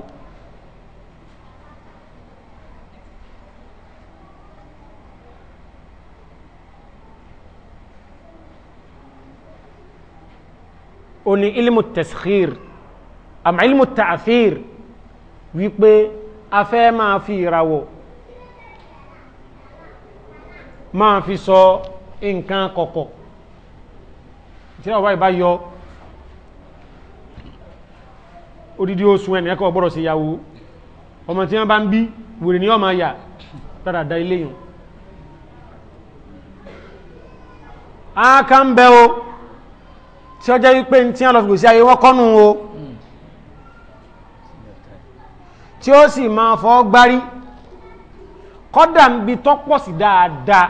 ó ní ilmu tashir àmà ilmu ta'athir wípé a fẹ́ máa fi ìràwọ̀ máa fi sọ so, nǹkan kọ̀kọ̀ ìṣẹ́lẹ̀ ọba ìbá yọ odidi oṣù ẹni ẹkọ̀ gbọ́dọ̀ sí ìyàwó ọmọ tí wọ́n bá ń bí wèrè ní ọmọ àyà tàdà da ilé yùn aka ń bẹ o tí ọjọ́ wípé tí wọ́n lọ fi gbèsè ayé wọ́n kọ́nù o tí ó sì máa fọ́ gbárí kọ́dà ń bi tọ́pọ̀ sí dáadáa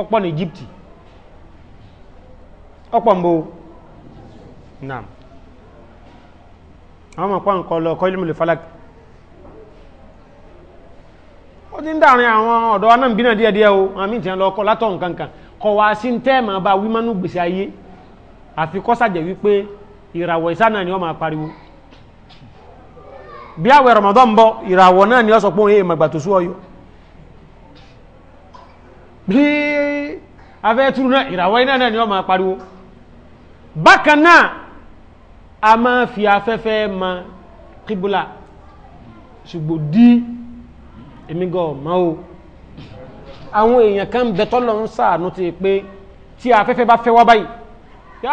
ọpọ̀ ní Egypt ọpọ̀ mbó náà àwọn ọmọ pọ́n kọ lọ kọ́ ilé mọ̀lẹ̀ falak ó ti ń dàrin àwọn ọ̀dọ́ wa náà díẹ̀díẹ̀ o àmì ìtìyàn lọ kọ́ látọ̀ nǹkan kan kọ̀ wá sí ń tẹ́ẹ̀mà bá wímánú gbèsè ayé àfi kọ́sàjẹ̀ wípé ìràwọ̀ ìsánà ni wọ́n máa pariwo bí àwẹ̀ Ramadan bọ́ ìràwọ̀ náà ni ó sọ pé òun èèmọ̀ gbà sú ọyọ́ bí afẹ́túrú náà ìràwọ̀ iná náà ni wọ́n máa pariwo bákan náà a máa fi afẹ́fẹ́ ma kíbùlà ṣùgbọ́n dí èmi gan ọ̀ma o àwọn èèyàn kan bẹ tọ́lọ̀ ń sàánú ti pé tí afẹ́fẹ́ bá fẹ́ wá báyìí yá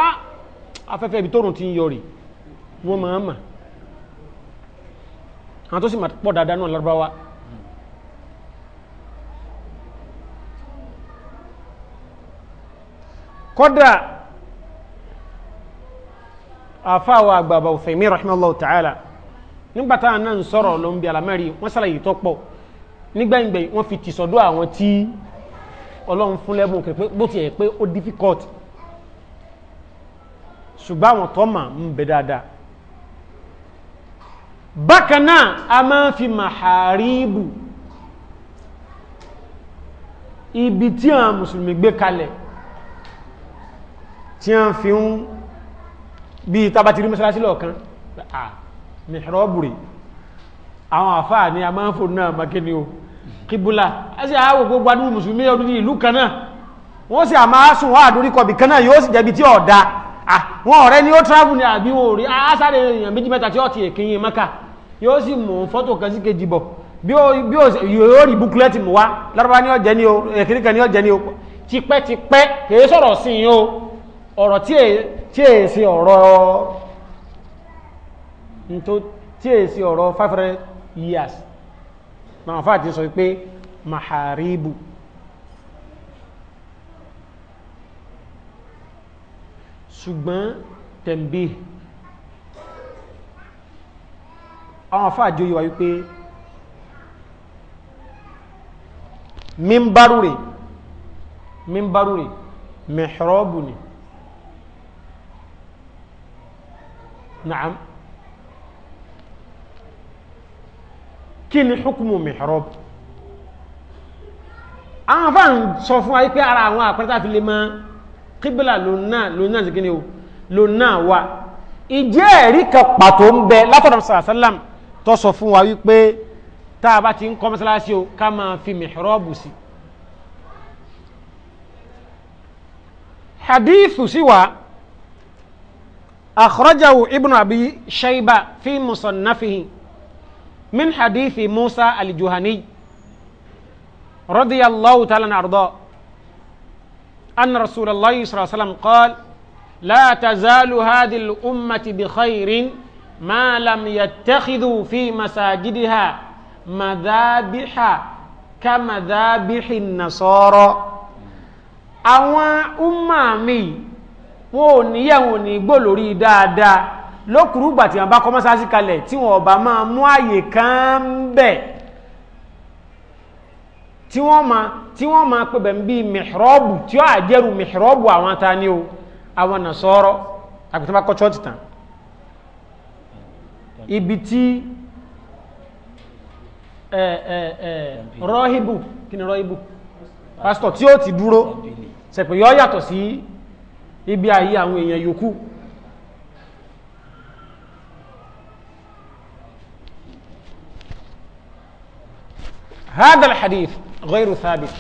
afẹ́fẹ́ ibi tóòrùn ti ń yọ rè wọ́n máa mà àwọn tó sì mà pọ̀ dáadáa náà lárúbáwá kọ́dà àfáwà àgbàbà òfèmí rahimahullah ta'ala nígbàtà náà ń sọ̀rọ̀ ló ń bí alamẹ́rí wọ́n sàlàyé tó pọ̀ nígbẹ̀yìngbẹ̀ wọ́n fi ti sọ́dọ̀ àwọn tí ọlọ́run fún lẹ́bùn kẹ̀kẹ́ bó ti ẹ̀ pé ó difficult ṣùgbọ́n tó mà ń bẹ dáadáa bákan náà a máa fi màhàríbù ibi tí àwọn mùsùlùmí gbé kalẹ̀ tí a ń fi ń bí tabatiri mọ́sálásí lọ́ọ̀kan mihrọ́bùrì àwọn àfáà ni a máa ń fò náà makini o kíbúlá a sì àwọ̀ gbogbo adúrú mùsùlùmí ọdún ní ìlú kan náà wọ́n sì àmà sùn wọ́n àdúríkọ̀ bì kan náà yóò sì jẹ́bi tí ọ̀dá wọn ọ̀rẹ́ ni ó travel ní àbí wọn ò rí asáré èèyàn méjì mẹ́ta tí ó ti èkéyìn mẹ́ka yóò sì mú fọ́tò kan sí kejì bọ̀ bí yóò rí o èkìríkà o tipẹ́tipẹ́ kèé sọ̀rọ̀ sí i ọ̀rọ̀ tí è sí ọ̀rọ̀ tí è sí ọ̀rọ̀ 500 years na wọ́n fàájí sọ pé maharibu ṣùgbọ́n tẹ̀m̀bí àwọn fàájí yíwa wípé mímbárù rẹ̀ mímbárù rẹ̀ mihrabu ni نعم كل حكم محراب mihrab àwọn fáà ń sọ fún wa pé ara àwọn àpẹẹrẹ fi lè máa kíbílà lónà lónà sí kíni o lónà wa ìjẹ́ ẹ̀rí kan pàtó ń bẹ látọ̀dọ̀ sàlásálàm tó sọ fún wa wípé tá a bá ti ń kọ́ mọ́sálásí o ká máa fi mihrab sí hadithu sí wa أخرجه ابن أبي شيبة في مصنفه من حديث موسى الجهني رضي الله تعالى عنه أن رسول الله صلى الله عليه وسلم قال لا تزال هذه الأمة بخير ما لم يتخذوا في مساجدها مذابح كمذابح النصارى أو أمامي wọn ò níyẹ̀ wọn ò ní gbò lórí dáadáa lókùrúgbà tí wọn bá kọ́ mọ́sáàsì kalẹ̀ tí wọn ọba máa mú àyè kan bẹ̀ tí wọ́n máa tí wọ́n máa pè bẹ̀ ń bí mihrọ́bù tí ó àjẹrù mihrọ́bù àwọn ta ni o àwọn nàṣọ́rọ́ àgbẹ̀tàn bá kọ́ chọ́ọ̀tì tán ibi tí ẹ kí ni rọ́hìbù pásítọ̀ tí ó ti dúró sẹ̀pẹ̀ yọ yàtọ̀ sí ibi ayé àwọn èèyàn yòókù hadal hadith ghairu thabit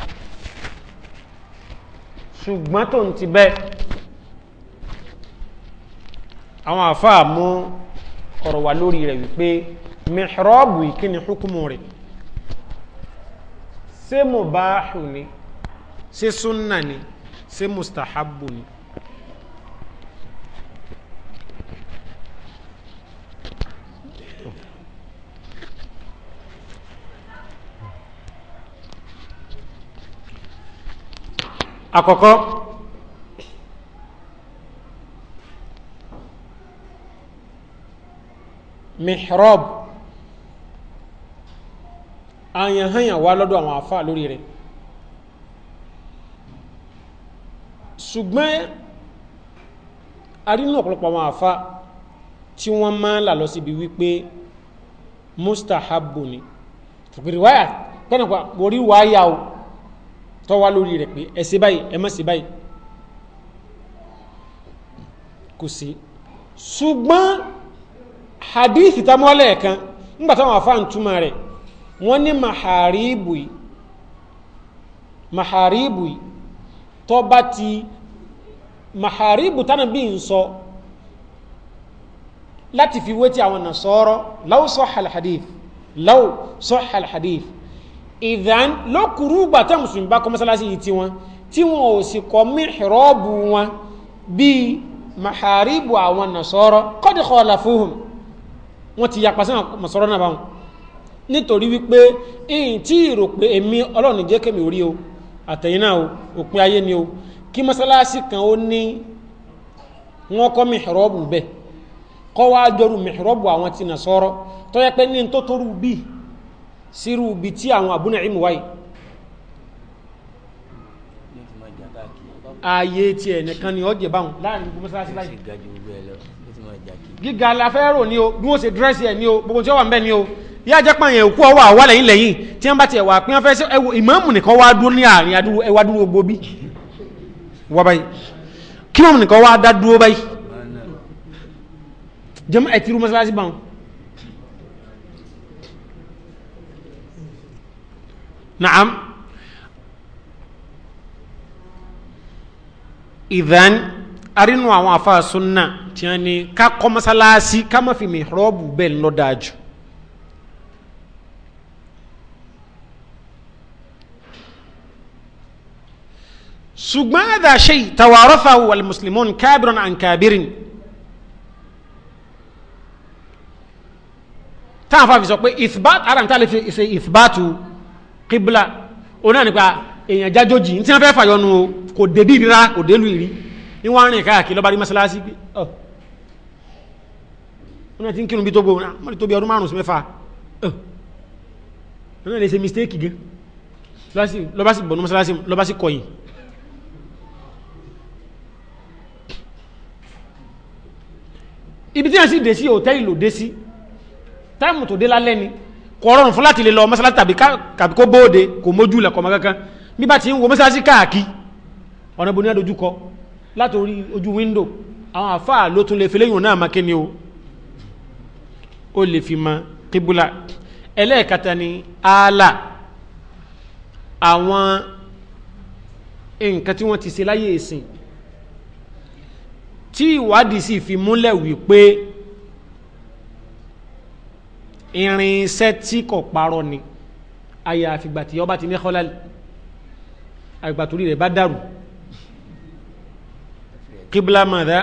ṣùgbọ́n tó ń ti bẹ́ àwọn àfáà mú ọ̀rọ̀ wà lórí rẹ̀ wípé mihrabu ìkíni hukumu rẹ̀ ṣé mubahu ni ṣé sunna ni ṣé mustahabu ni àkọ́kọ́ mihrab àyànhàyàn wá lọ́dọ̀ àwọn àfà lórí rẹ̀ ṣùgbọ́n arínú ọ̀pọ̀lọpọ̀ àwọn àfà tí wọ́n máa ń là síbi wípé mustahabu ni tùgbìrì wáyà orí wáyà o tó wá lórí rẹ̀ pé ẹ ṣe báyìí ẹ má ṣe báyìí kò sí ṣùgbọ́n hadithi tá mọ́lẹ̀ kan nígbà táwọn afáàn túmọ̀ rẹ̀ wọ́n ní maharibu yìí maharibu yìí tó bá ti maharibu tánà bí n sọ láti fi wé ti àwọn nasọ́rọ́ láwù sọ́hà alhadith láwù ìdán lókùrú ìgbà tá mùsùlùmí bá kọ́ mọ́sálásí yìí tiwọn tí wọn ò sì kọ́ mìíràbù wọn bíi maharibu àwọn nàṣọ́rọ́ kọ́dí kọ́ọ̀lá fúhùn wọn ti yapa sí nàṣọ́rọ́ náà báwọn nítorí wípé ìyìn tí ìrò pé èmi ọlọ́run jẹ́ kẹ́mi orí o àtẹ̀yìn náà o òpin ayé ni o kí mọ́sálásí kan ó ní wọn kọ́ mìíràbù bẹ́ẹ̀ kọ́ wá jọrù mìíràbù àwọn ti nàṣọ́rọ́ tó pé ní tó torú bíi sírù bí tí àwọn àbúnà ìmú wáyé ààyè tí ẹ̀ nìkan ni ọjẹ̀ báhùn láàrin gbogbo mọ́sálásí láyé gíga la fẹ́ rò ní o bí wọ́n ṣe dírẹ́sì ẹ̀ ní o gbogbo tí ó wà ń o yá jẹ́ pààyàn òkú ọwọ́ àwa lẹ́yìn lẹ́yìn tí wọ́n bá ti ẹ̀wà pín fẹ́ ẹwọ ìmáàmù nìkan wá dúró ní àárín ẹwà dúró gbogbo bí wọ́n báyìí kí wọ́n nìkan wá dá dúró báyìí jẹ́mọ́ ẹ̀ tí rú mọ́sálásí báhùn نعم ìdán arínú àwọn afa sunna tí wọn ni ká kọ́ mọ́sálásí ká má fi mìírọ́ọ̀bù bẹ́ẹ̀ lọ dáa jù ṣùgbọ́n àdá ṣe tàwárọ́fà wal muslimun kábìrán àn kábìrín táwọn afa fi sọ pé ìthbát ara ń tà lè fi ṣe ìthbátu kíbla òun náà nípa èèyàn jájójì ní tí wọ́n fẹ́ fàyọnu o kò dédí ìrírá kò délù ìrí ní wọ́n rìn káàkiri lọ́ba rí mọ́sálásí pé ọ̀ wọ́n náà ti ń kírun bí tó gbó wọ́n tó bí ọdún márùn-ún sí mẹ́fà ọ̀ wọ́n náà lè ṣe mistake gan lọ́ba sì bọ̀nú mọ́sálásí lọ́ba sì kọ̀yìn ibi tí wọ́n sì dé sí òtẹ́ẹ̀lì ló dé sí táìmù tó dé lálẹ́ ni kọ̀ọ̀rọ̀rùn fún láti lè lọ mọ́sálásí tàbí kó bóde kò mójú lẹ̀kọ́ mọ́kankan bí bá ti ń wo mọ́sálásí káàkiri ọ̀nà bóníyà dojú kọ láti orí ojú wíńdò àwọn àfáà ló tún lè fi léyìn náà máa kéne o ó lè fi mọ kíbúlà ẹlẹ́ẹ̀kata ni ààlà àwọn nǹkan tí wọ́n ti ṣe láyé ìsìn tí ìwádìí sì fi múlẹ̀ wípé irinṣẹ́ tí kò parọ́ ni àyà àfìgbà tí ọba ti ní kọ́lá àgbà torí rẹ̀ bá dàrú kíbla mọ̀dá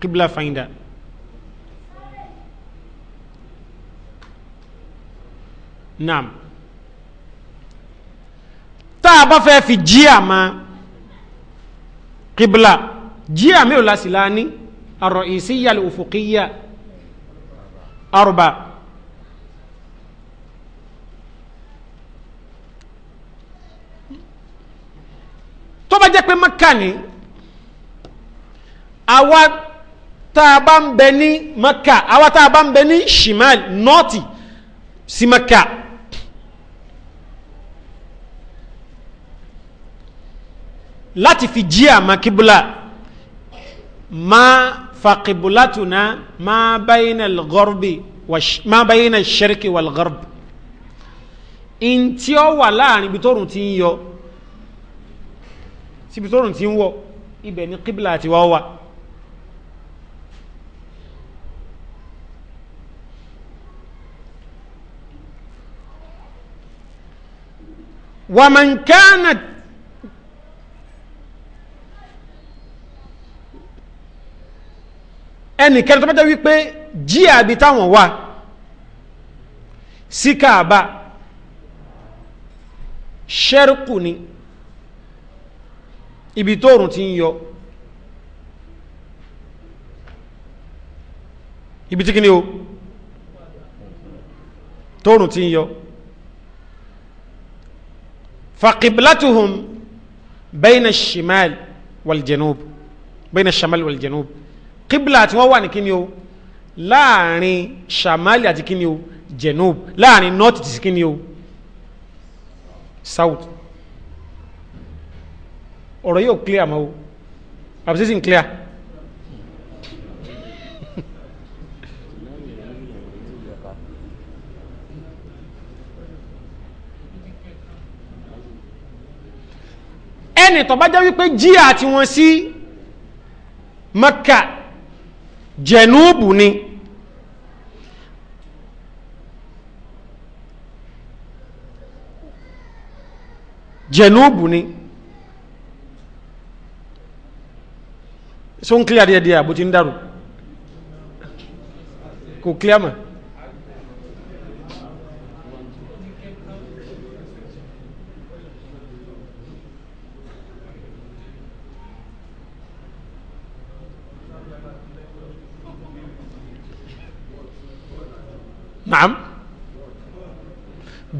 kíbla fàyìndà naam tá a bá fẹ́ fi jí àmà kíbla jí àmì ò ní àrọ̀ ìsíyà al أربع tó bá jẹ́ pé maka ni àwa tá a bá ń bẹ ní maka àwa tá ń bẹ ní shimal nọ́ọ̀tì sí maka láti fi jí àmà kíbúlà فقبلتنا ما بين الغرب وش ما بين الشرق والغرب ntí ọ wà láàrin ibi tóòrùn ti ń yọ síbi tóòrùn ti ń wọ ibẹ̀ ni kíbìlà àti wá wà wàmàǹkánà ẹnì kẹrin tó bá jẹ́ wípé jí àbí táwọn wà sí káàbà ṣẹ́rùkù ni ibi tóòrùn ti ń yọ ibi tí kí ni o tóòrùn ti ń yọ fàkìbìlátùhùn bẹ́ẹ̀nà shimal wàlìjẹ̀núb kíbla tí wọ́n wà ní kíni o láàrin shamali àti kíni o jenub láàrin north ti kíni o south ọ̀rọ̀ yóò clear mọ́ o clear ẹni tó bá jẹ́ wípé jíà tí wọ́n sí Mẹ́kà jẹ̀núùbù ni jẹ̀núùbù ni so ń kílíà díẹ̀díẹ̀ àbótí ń dàrú kò kílíà mọ̀ naam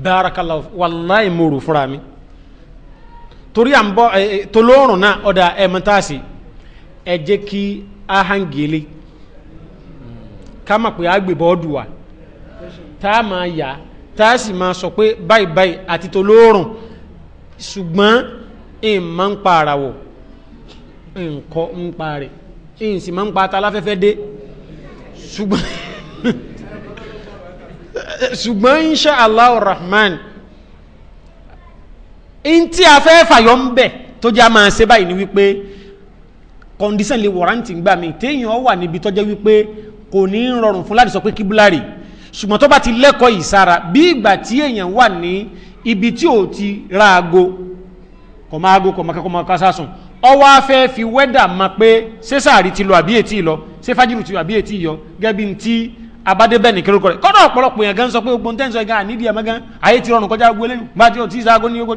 barakallahu wallahi mo rò fúnra mi torí à ń bọ́ tolóòrùn náà ọ̀dà ẹ̀mọ́tàsí ẹ jẹ́ kí wa tá a máa a sì máa sọ pé báyìí báyìí àti tolóòrùn ṣùgbọ́n ìmọ̀ ń pa ara ṣùgbọ́n insha allah rahman in tí a fẹ́ fàyọ ń bẹ̀ tó jẹ́ a máa ṣe báyìí ni wípé condition lè warranty gbà mí téèyàn wà níbi tó jẹ́ wípé kò ní rọrùn fún láti sọ pé kíbúlárì ṣùgbọ́n tó bá ti lẹ́kọ̀ọ́ ìsára bí ìgbà tí èèyàn wà ní ibi tí ò ti ra aago kò máa aago kò máa kọ́ máa kásásùn ọwọ́ afẹ́ fi wẹ́dà máa pé ṣé sáàrí ti lọ àbí ètí lọ ṣé fájìrù ti lọ àbí ètí yọ gẹ́bí ti abade bẹ́ẹ̀ ní kérékọ́ rẹ̀ kọ́dọ̀ ọ̀pọ̀lọpọ̀ yẹn gan sọ pé ogun tẹ́ǹsọ̀ gan àníbi ẹ̀mọ́ gan ayé ti rọrùn kọjá gbé lẹ́nu bá ọ̀ tí ì sáago ní yókò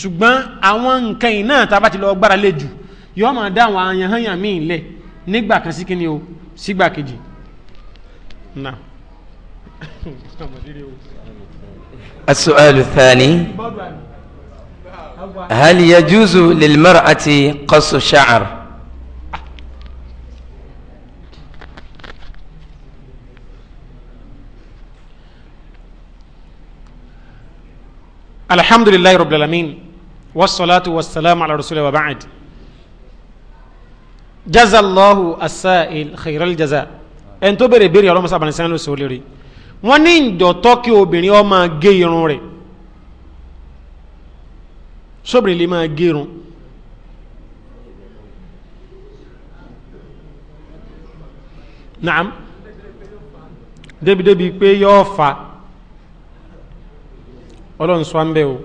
ṣùgbọ́n àwọn nǹkan yìí náà tá a bá ti lọ gbára lé jù yóò máa dá àwọn ayanhanyàn míì lẹ̀ nígbà kan sí kíni o sígbà kejì. السؤال الثاني هل يجوز للمرأة قص الشعر؟ alhamdulilayi rabbil alamin wasalaatu wasalaamu ala rasulillah wa baad jazallahu asail khairal jaza ẹni tó bèrè béèrè ọlọ́mọ sábà ní sẹ́yìn lóṣù lérè wọ́n ní ìjọ́tọ́ kí obìnrin ó máa gé irun rẹ̀ sóbìnrin lè máa gé irun naam débi débi pé yóò fa ọlọ́run sọ ń bẹ́ o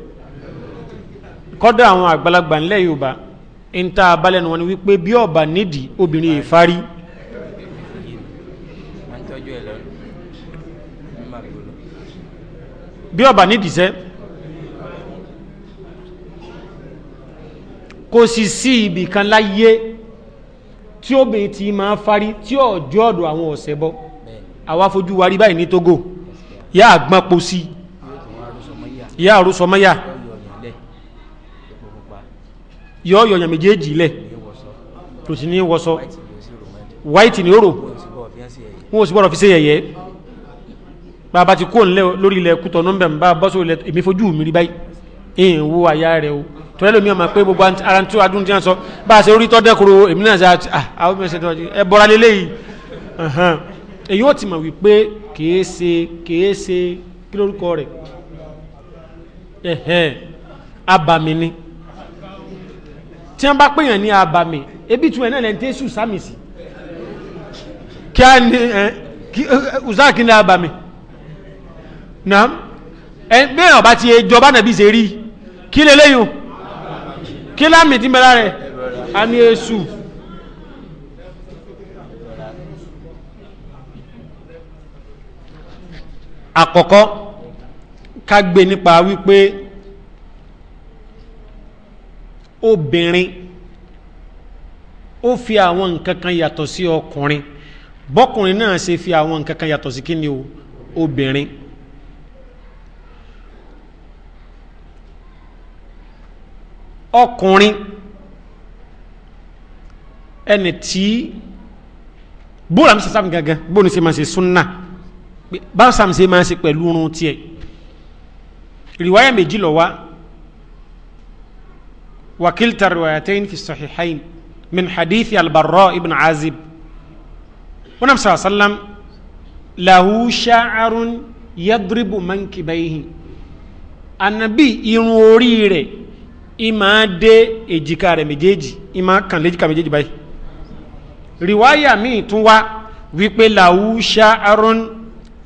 kọ́dà àwọn àgbàlagbà ńlẹ̀ yorùbá ń ta abalẹ́nu wọn ni wípé bí ọba nídìí obìnrin ìfarí bí ọba nídìí sẹ́ kò sì sí ibì kan láyé tí obìnrin ti máa farí tí ọjọ́ ọ̀dọ̀ àwọn ọ̀sẹ̀ bọ́ àwa fojú wa rí báyìí ní togo yá àgbọn po sí i ìyá àrùsọmọ́yà yọ ọ̀yọ̀yàn méjèèjì ilẹ̀ tó sì ní wọ́sọ white ni oro wọn ò sì gbọ́dọ̀ fi ṣe yẹ̀yẹ́ bàbá ti kó nílẹ̀ lórí ilẹ̀ kútọ̀ nọ́mbẹ̀ bá bọ́sọ̀ ilẹ̀ èmi fojú mi rí báyìí èyí wo àyà rẹ̀ o tọ́lẹ́ lómi ọmọ pé gbogbo ara tó adún tí wọ́n sọ bá a ṣe orí tọ́dẹ́koro èmi náà ṣe ah, àwọn ó ti mọ̀ wípé kèé ṣe kèé ṣe kí lórúkọ rẹ̀ ẹ̀hẹ́n abàmì ni tí wọ́n bá pèèyàn ní abàmì ebi tún ẹ̀ náà lẹ́ni tẹ́sù sámì sí kí á ní ẹ̀ kí uzáàkì ní abàmì naam ẹ̀ bẹ́ẹ̀ ọ̀bá ti jọba nàbí ṣe rí kí lélẹ́yìn kí lámì tí mẹ́ra rẹ̀ a ní èsù àkọ́kọ́ ká gbé nípa wípé obìnrin ó fi àwọn nǹkan kan yàtọ̀ sí ọkùnrin bọ́kùnrin náà ṣe fi àwọn nǹkan kan yàtọ̀ sí kí o obìnrin ọkùnrin ẹni tí bóòlù àmì sàmì gangan bóòlù ṣe máa ṣe súnà báwo sàmì ṣe máa ṣe pẹ̀lú irun tiẹ̀ riwaya méjì lọ wá wakilta riwayatain fi sahihain min hadithi albarra ibn azib wọn nam sàlá sàlám lahu sha'arun yadribu mankibaihi anabi irun orí rẹ̀ ima dé èjìká rẹ̀ méjèèjì ima kan léjìká méjèèjì báyìí riwaya míì tún wá wípé lahu sha'arun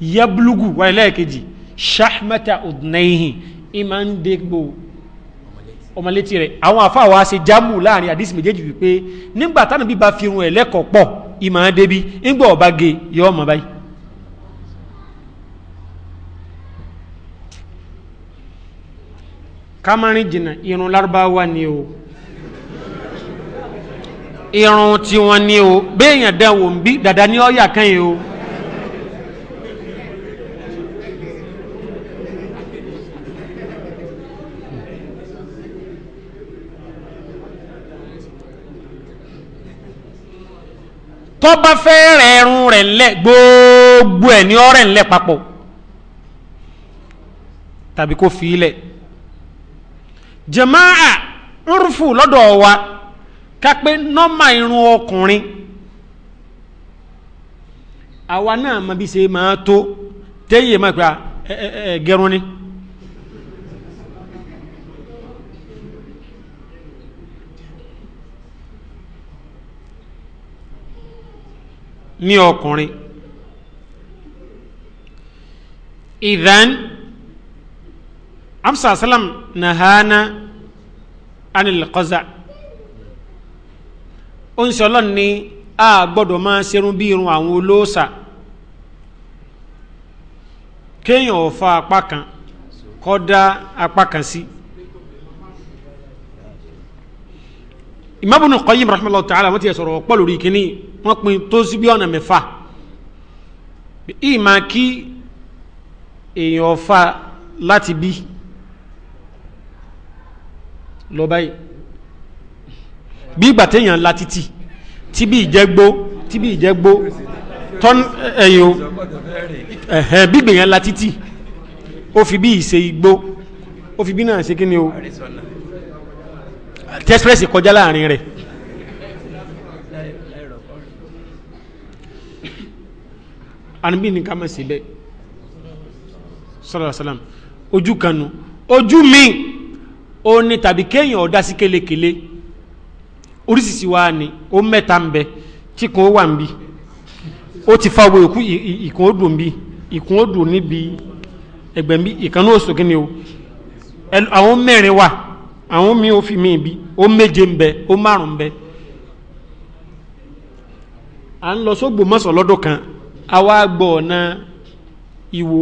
yablugu wáyé lẹ́ẹ̀kejì ṣahmata udnaihi ima ń dégbò ọmọlétí rẹ̀ àwọn àfa wa ṣe jámù láàrin àdísì méjèèjì wípé nígbà táwọn bí ba fi irun ẹ̀ lẹ́kọ̀ọ́ pọ̀ ìmọ̀ á débi ńgbà ọba ge yọ ọmọ báyìí. kamarin jìnnà irun lárúbáwá ni o irun tiwọn ni o béèyàn dẹ́wò ń bí dàdá ní ọ̀yà kan yìí o. tó bá fẹ́ rẹ̀ ẹrun rẹ̀ ńlẹ̀ gbogbo ẹ̀ ní ọ̀rẹ́ ńlẹ̀ papọ̀ tàbí kó fi ilẹ̀ jẹ̀máà ń rúfù lọ́dọ̀ wa ká pé nọ́mà irun ọkùnrin àwa náà mọ bí ṣe máa tó téyè máa gba gẹrun ni. ní ọkùnrin ìdán amsa salam nahana anil qaza ó ń sọlọ́ ní a gbọ́dọ̀ máa ṣerun bí irun àwọn olóòṣà kéèyàn ò fa kọ́ dá apá sí. Si Imam Ibn Qayyim rahimahullah ta'ala wọ́n ti sọ̀rọ̀ pọ̀ lórí kínní wọ́n pin tó sí bí ọ̀nà mẹ́fà ìmà kí èèyàn fa láti bí lọ báyìí bí ìgbà téèyàn la títì tí bí ìjẹ́gbó tí bí ìjẹ́gbó tọ́n ẹ̀yìn o ẹ̀hẹ̀ bí gbèyàn la títì ó fi bí ìṣe igbó ó fi bí náà ṣe kí ni o tẹ́sírẹ́sì kọjá láàrin rẹ̀. ànúbí ni ká má ṣe bẹ́ẹ̀ sallallahu ojú kanu ojú mi ó ní tàbí kéèyàn ọ̀dá sí kélekèle oríṣiríṣi wa ni ó mẹ́ta ń bẹ tí kò wà ń bí ó ti fa owó ìkún ìkún ó dùn bí ìkún ó dùn níbi ẹgbẹ̀mí ìkànnì òsòkè ni o àwọn mẹ́rin wà àwọn mi ò fi mí bi ó méje ń bẹ ó márùn ń bẹ à ń lọ sógbò mọ́sàn lọ́dọ̀ kan àwa gbọ́ ọ̀nà ìwò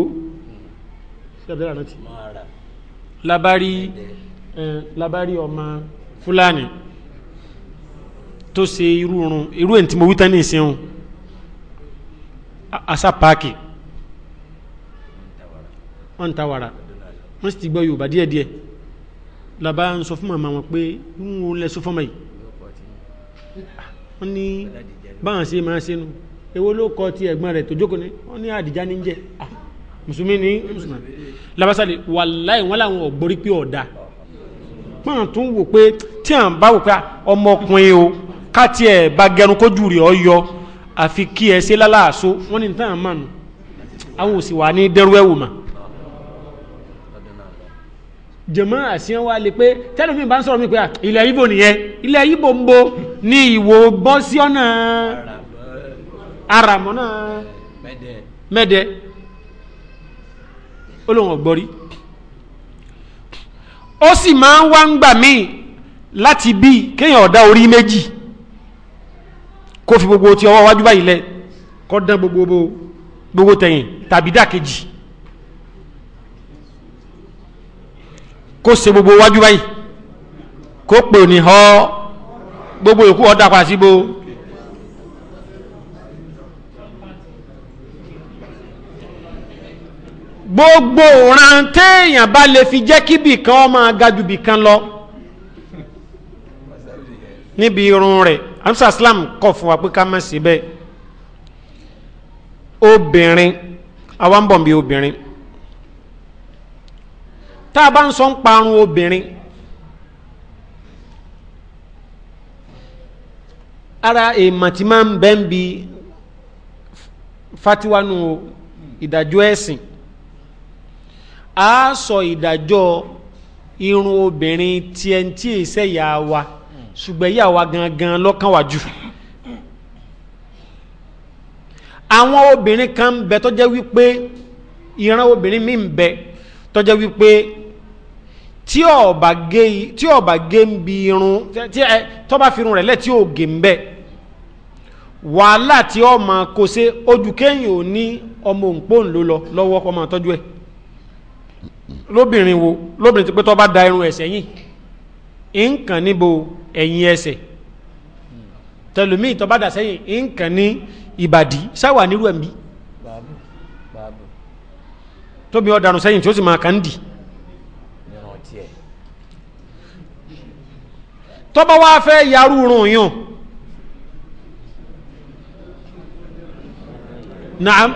labari labari ọmọ fulani, tó ṣe irú irú ẹ̀ tí mo wí tán ní ìsìn asa paaki wọ́n ń ta wàrà wọ́n sì ti gbọ́ yorùbá díẹ̀díẹ̀ labá ń sọ fún màmá wọn pé wọn lẹ sọ fọmọ yìí wọn ní báwọn ṣe máa ṣe nu èwo ló kọ ti ẹ̀gbọ́n rẹ̀ tó jókòó ni wọn ní àdìjá ní jẹ mùsùlùmí ní mùsùlùmí labasale wàláì wọn làwọn ọgbọrí pé ọdà pọ́n tún wò pé tí à ń bá wò pé ọmọkùnrin o ká tiẹ̀ bá gẹrun kójú rẹ̀ ọ yọ àfi kí ẹ ṣe lálàásó wọn ní tàn mánu àwọn òsì wà ní dẹrú ẹwù mà jẹ̀mọ́ àṣíyàn wá lè pé tẹ́lù mi bá ń sọ̀rọ̀ mi pé ilẹ̀ ibo nìyẹn ilẹ̀ ibo ń bo ní ìwò bọ́ sí ọ̀nà aramọ́ náà mẹ́dẹ olóhùn ọ̀gbọ́rí ó sì máa ń wá ń gbà míì láti bí kéèyàn ọ̀dá orí méjì kó fi gbogbo ti ọwọ́ wájú báyìí lẹ kó dán gbogbo gbogbo tẹ̀yìn tàbí dà kejì kó ṣe gbogbo wájú báyìí kó pè ní họ gbogbo ìkú ọ̀dà padà síbo. gbogbo ran téèyàn bá lè fi jẹ́ kí bìkan ọmọ agaju bìkan lọ níbi irun rẹ̀ amsa islam kọ̀ fún wa pé ká má ṣe bẹ́ẹ̀ obìnrin àwa ń bọ̀ bí obìnrin tá a bá ń sọ ń parun obìnrin ara èèmọ̀ tí máa ń bẹ́ ń bi fatiwanu ìdájọ́ ẹ̀sìn a sọ ìdájọ́ irun obìnrin tí ẹn tí èsẹ́ ìyá wa ṣùgbọ́n ìyá wa gangan lọ́kàn àwọn obìnrin kan ń bẹ tó wípé ìran obìnrin mi ń bẹ tó wípé tí ọba gé tí ọba gé ń bi irun tí ẹ tọ́ba fi irun rẹ̀ lẹ̀ tí ò gé ń bẹ̀ wàhálà tí ọmọ kò ṣe ojú kéyìn ò ní ọmọ òǹpọ̀ ńlò lọ lọ́wọ́ ọmọ tọ́jú ẹ̀ lóbìnrin wo lóbìnrin ti pé tọ́ba da irun ẹ̀sẹ̀ yìí nǹkan níbo ẹ̀yìn ẹsẹ̀ tẹlumi tọ́ba dà sẹ́yìn nǹkan ní ìbàdí sáwà nírú ẹ̀mí tóbi ọ̀daràn sẹ́yìn tí ó sì máa kàn dì. tọ́ba wá fẹ́ yarú rùn yùn naam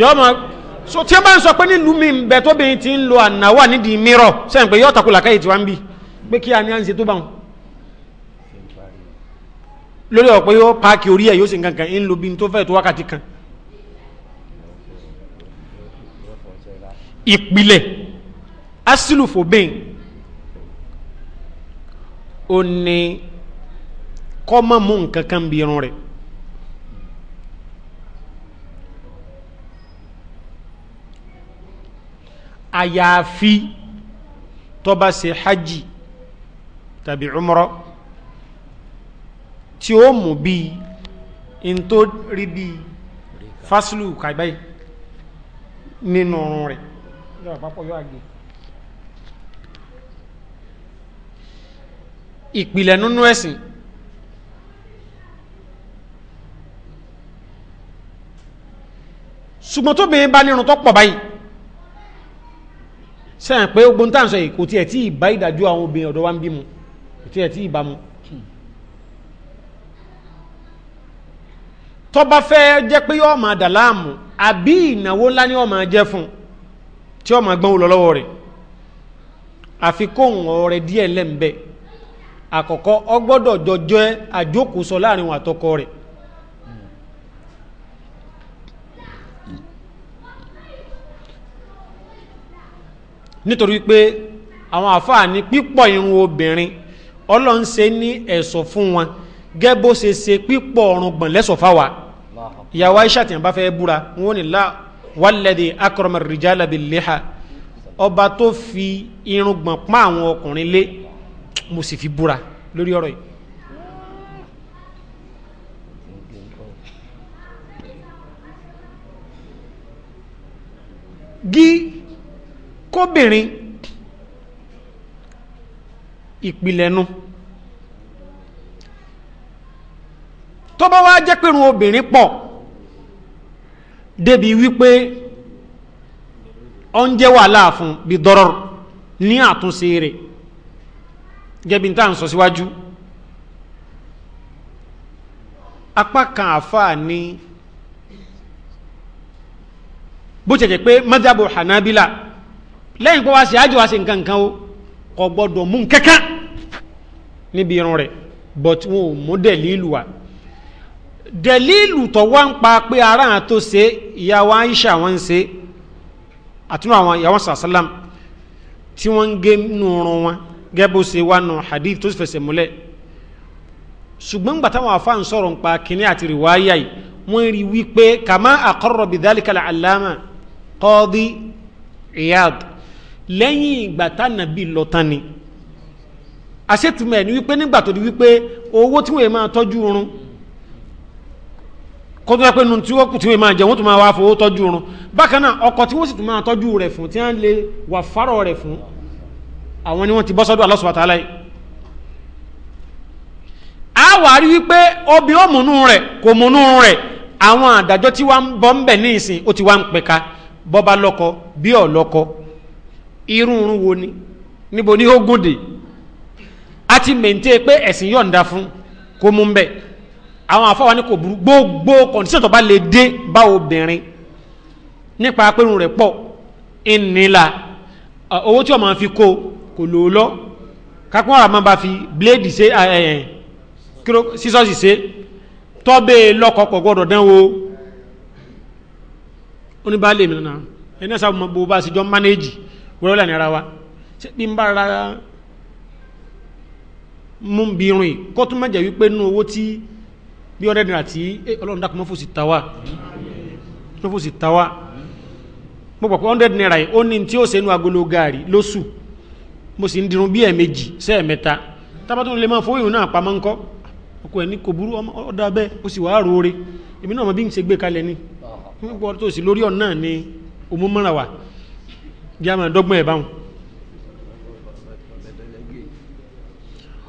yọmọ so tí a bá ń sọ pé nílùú mi ń bẹ tóbi ti ń lo ànáwà nídìí mírọ sẹ́yìn pé yóò takùlà káyè tí wọ́n ń bì pé kí a ní à ń ṣe tó bá wọn lórí ọ̀pẹ́ yóò páàkì orí ẹ̀ yóò sì nǹkan kan ń lo bí tó fẹ́ tó wákàtí kan ìpìlẹ̀ asìlùfò bẹ́ẹ̀ ó ní kọ́ mọ́ mú nǹkan kan bí irun rẹ̀ àyàfi tó bá ṣe hajj tàbí umrọ tí ó mú bí in tó rí bí fásilù kàbáyé nínú ọrùn rẹ̀ ìpìlẹ̀ nínú ẹ̀sìn ṣùgbọ́n tó bèé bá nírun tó pọ̀ báyìí sẹ́yìn pé ogun tá à ń sọ yìí kò tiẹ̀ tí ì bá ìdájọ́ àwọn obìnrin ọ̀dọ́ wa ń bí mu kò tí ì bá fẹ́ jẹ́ pé yọ́ máa dà láàmú àbí ìnáwó ńlá ni yọ́ máa jẹ́ fún tí yọ́ máa gbọ́n wò lọ́wọ́ rẹ̀ àfikún ọ̀rẹ́ díẹ̀ lẹ́m̀bẹ́ẹ́ àkọ́kọ́ ọgbọ́dọ̀ jọjọ́ àjókòsọ láàrin wọn àtọkọ rẹ̀ nítorí pé àwọn àfáà ní pípọ̀ irun obìnrin ọlọ́run ṣe ní ẹ̀ṣọ́ fún wọn gẹ́bó ṣe ṣe pípọ̀ ọ̀rùngbọ̀n lẹ́ṣọ̀ fáwa ìyàwó aisha tí wọ́n búra wọn ni la walladhi akrama ar-rijala bil-liha ọba tó fi irùngbọ̀n pa àwọn ọkùnrin lé mo sì fi búra lórí ọ̀rọ̀ yìí. gí kóbìnrin ìpìlẹ̀nu tó bá wá jẹ́ pẹ̀rún obìnrin pọ̀ débi wípé ọ ń jẹ́ wàhálà fún bí dọ́rọ̀ ní àtúnṣe rẹ̀ gẹ́bí tá à ń sọ síwájú apá kan àfáà ni bó ṣe jẹ́ pé madhabu hanabila lẹ́yìn pé wá sí ájò wá sí nǹkan kan o kò gbọ́dọ̀ mú kankan níbi irun rẹ̀ but wọn ò mú dẹ̀lílù wa dẹ̀lílù tó wá ń pa pé ara hàn tó ṣe ìyá Aisha wọn ṣe àtúnú àwọn ìyá sàṣálàm tí wọ́n ń gé nínú ọrùn wọn gẹ́bù sí wánu hadith tó sì fẹsẹ̀ múlẹ̀ ṣùgbọ́n gbà táwọn afá ń sọ̀rọ̀ nípa kínní àti rìwáyà yìí wọ́n rí wípé kàmá àkọ́rọ̀ bí dálíkàlà àlámà kọ́ọ́dí Iyad lẹ́yìn ìgbà tánàbí lọ tán ni àṣetùmọ̀ ẹ̀ ni wípé nígbà tó di wípé owó tí wọ́n máa tọ́jú oorun kó tó pẹ́ nu tí wọ́n kù tí wọ́n máa jẹ tó máa wá fowó tọ́jú oorun bákan náà ọkọ̀ tí wọ́n sì tún máa tọ́jú rẹ̀ fún tí wọ́n lè wà fárọ̀ rẹ̀ fún àwọn ni wọ́n ti bọ́ sọ́dọ̀ Allah subhanahu wa ta'ala a wà rí wípé obì ó múnú rẹ̀ kò múnú rẹ̀ àwọn àdájọ́ tí wọ́n bọ́ ń bẹ̀ ní ìsìn ó ti wá ń pẹ̀ka bọ́ba lọ́kọ bí ọ̀lọ́kọ irúurú wo ni níbo ní ogún dè a ti mẹ̀ǹtẹ́ pé ẹ̀sìn yọ̀ǹda fún kó mú ń bẹ̀ àwọn àfọwọ́ ni kò burú gbogbo kọ̀ǹtíṣàn tó bá lè dé bá obìnrin nípa pẹ́rù rẹ̀ pọ̀ ìnìlà owó tí wọ́n máa fi kó kò lò lọ kápọ́ àmọ́ bá fi bléèdì ṣe sísọ́sì ṣe tọ́bẹ̀ lọ́kọ̀ pọ̀ gbọ́dọ̀ dán wo oníbàálẹ̀ mi nana ẹni ẹ̀sà bó bá ṣe jọ mánéjì wọ́n lànà ara wa ṣé bí n bá ra mú bí rìn kó tún mẹ́jẹ̀ wípé nínú owó tí bí ọ̀rẹ́ dìrà tí ọlọ́run dákun mọ́fòsì tàwa mọ́fòsì tàwa mo pọ̀ pé hundred naira yìí ó ní tí ó ṣe agolo gaari lóṣù mo sì ń dirun bí ẹ̀ẹ̀mejì sẹ́ẹ̀mẹ́ta tábàtún lè máa fóyún náà pamọ́ ńkọ́ ọkọ ẹ̀ ní kò burú ọ̀dà bẹ́ẹ̀ ó sì wàá roore èmi náà mọ bí n ṣe gbé kalẹ̀ ni wọ́n tó sì lórí ọ̀nà ni òmú mọ́ra wà jáàmù dọ́gbọ́n ẹ̀ báwọn.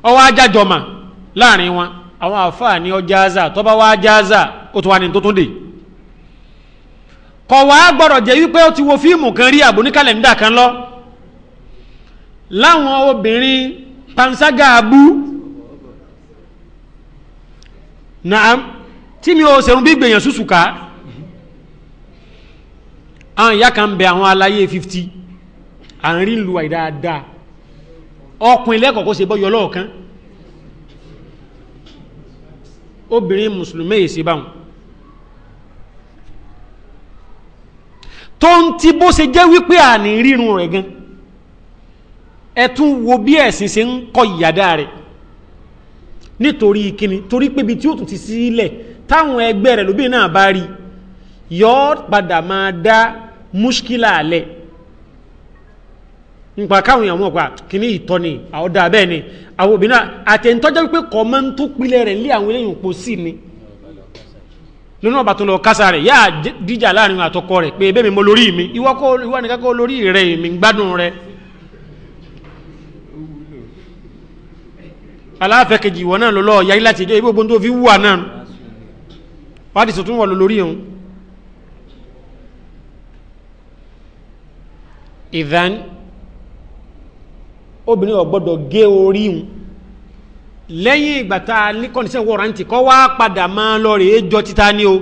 ọwọ́ ajájọmà láàrin wọn àwọn àfáà ní ọjà àzà tọ́ba wá ajá àzà ó tún wà ní tuntun dè kọ̀ gbọ́dọ̀ jẹ́ wípé ó ti wo fíìmù kan rí àbóníkàlẹ̀ nídà kan lọ láwọn obìnrin panṣágà abú naam tí mi ò sẹ̀rùn bí gbèyàn súsù ká àwọn ìyá kan bẹ àwọn aláyé 50 àrin lu àìdáadáa ọkùnrin lẹ́kọ̀ọ́kọ́ ṣe bọ́yọ lọ́ọ̀kan obìnrin mùsùlùmí èsì báwọn tó ń ti bó ṣe jẹ́ wípé à ní rírun rẹ̀ gan-an ẹ̀tún wo bí ẹ̀sìn ṣe ń kọ ìyàdá rẹ̀ nítorí kíni torí pé ibi tí ó tún ti sílẹ̀ táwọn ẹgbẹ́ rẹ̀ lóbìnrin náà bá rí yọ́ padà máa dá múṣkílà alẹ́ nípa káwọn èèyàn mọ̀ pa kíní ìtọ́ni àọ́dà bẹ́ẹ̀ ni àwọn òbí náà àtẹ̀ntọ́jọ́ wípé kọ́ máa ń tó pilẹ̀ rẹ̀ lé àwọn eléyìn pò sí ni lónà ọba tó lọ kásá rẹ̀ yáà díjà láàrin àtọkọ rẹ̀ pé bẹ́ẹ̀ mi mo lórí mi ìwọ́kọ́ ìwọ́nìkan kó lórí rẹ̀ mi gbádùn rẹ̀ aláfẹ́kejì ìwọ náà lọ́lọ́ yáyí láti ìjọ ìgbógun tó fi wà náà wádìí sọ tún wọ̀ lórí òun ìdán obìnrin ọ̀gbọ́dọ̀ gé orí òun lẹ́yìn ìgbà tá a ní kọ́nìṣẹ́ wọ̀rántì kọ́ wá padà máa lọ rèé jọ títa ní o